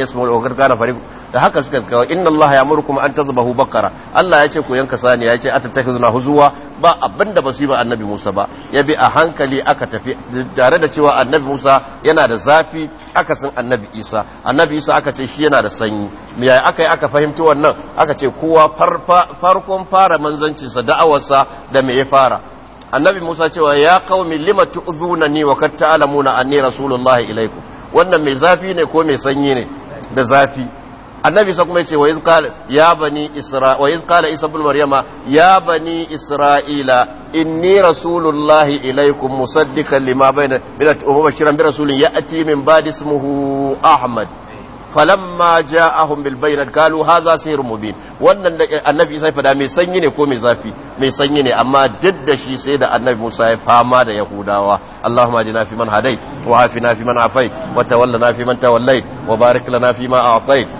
da haka suka kawo inna allaha ya'murukum an tadhbahu baqara Allah ya ce ku yanka saniya ya ce na huzuwa ba abinda ba su yi ba annabi Musa ba ya bi a hankali aka tafi tare da cewa annabi Musa yana da zafi aka akasin annabi Isa annabi Isa aka ce shi yana da sanyi me ya aka yi aka fahimci wannan aka ce kowa farkon fara manzancinsa da'awarsa da me ya fara annabi Musa cewa ya qaumi lima tu'zunani wa kad ta'lamuna anni rasulullahi ilaiku wannan mai zafi ne ko mai sanyi ne da zafi annabi sa kuma ce wa idh qala ya bani isra wa idh qala isa ibn maryama ya bani isra'ila inni rasulullahi ilaykum musaddiqan lima bayna bidat wa mubashiran bi rasulin ya'ti min ba'di ismuhu ahmad falamma ja'ahum bil bayyinat qalu hadha sihrun mubin wannan da annabi sai fada mai sanyi ne ko mai zafi mai sanyi ne amma duk shi sai da annabi Musa ya fama da Yahudawa Allahumma ajina fi man hadait wa afina fi man afait wa tawallana fi man tawallait wa barik lana fi ma a'tait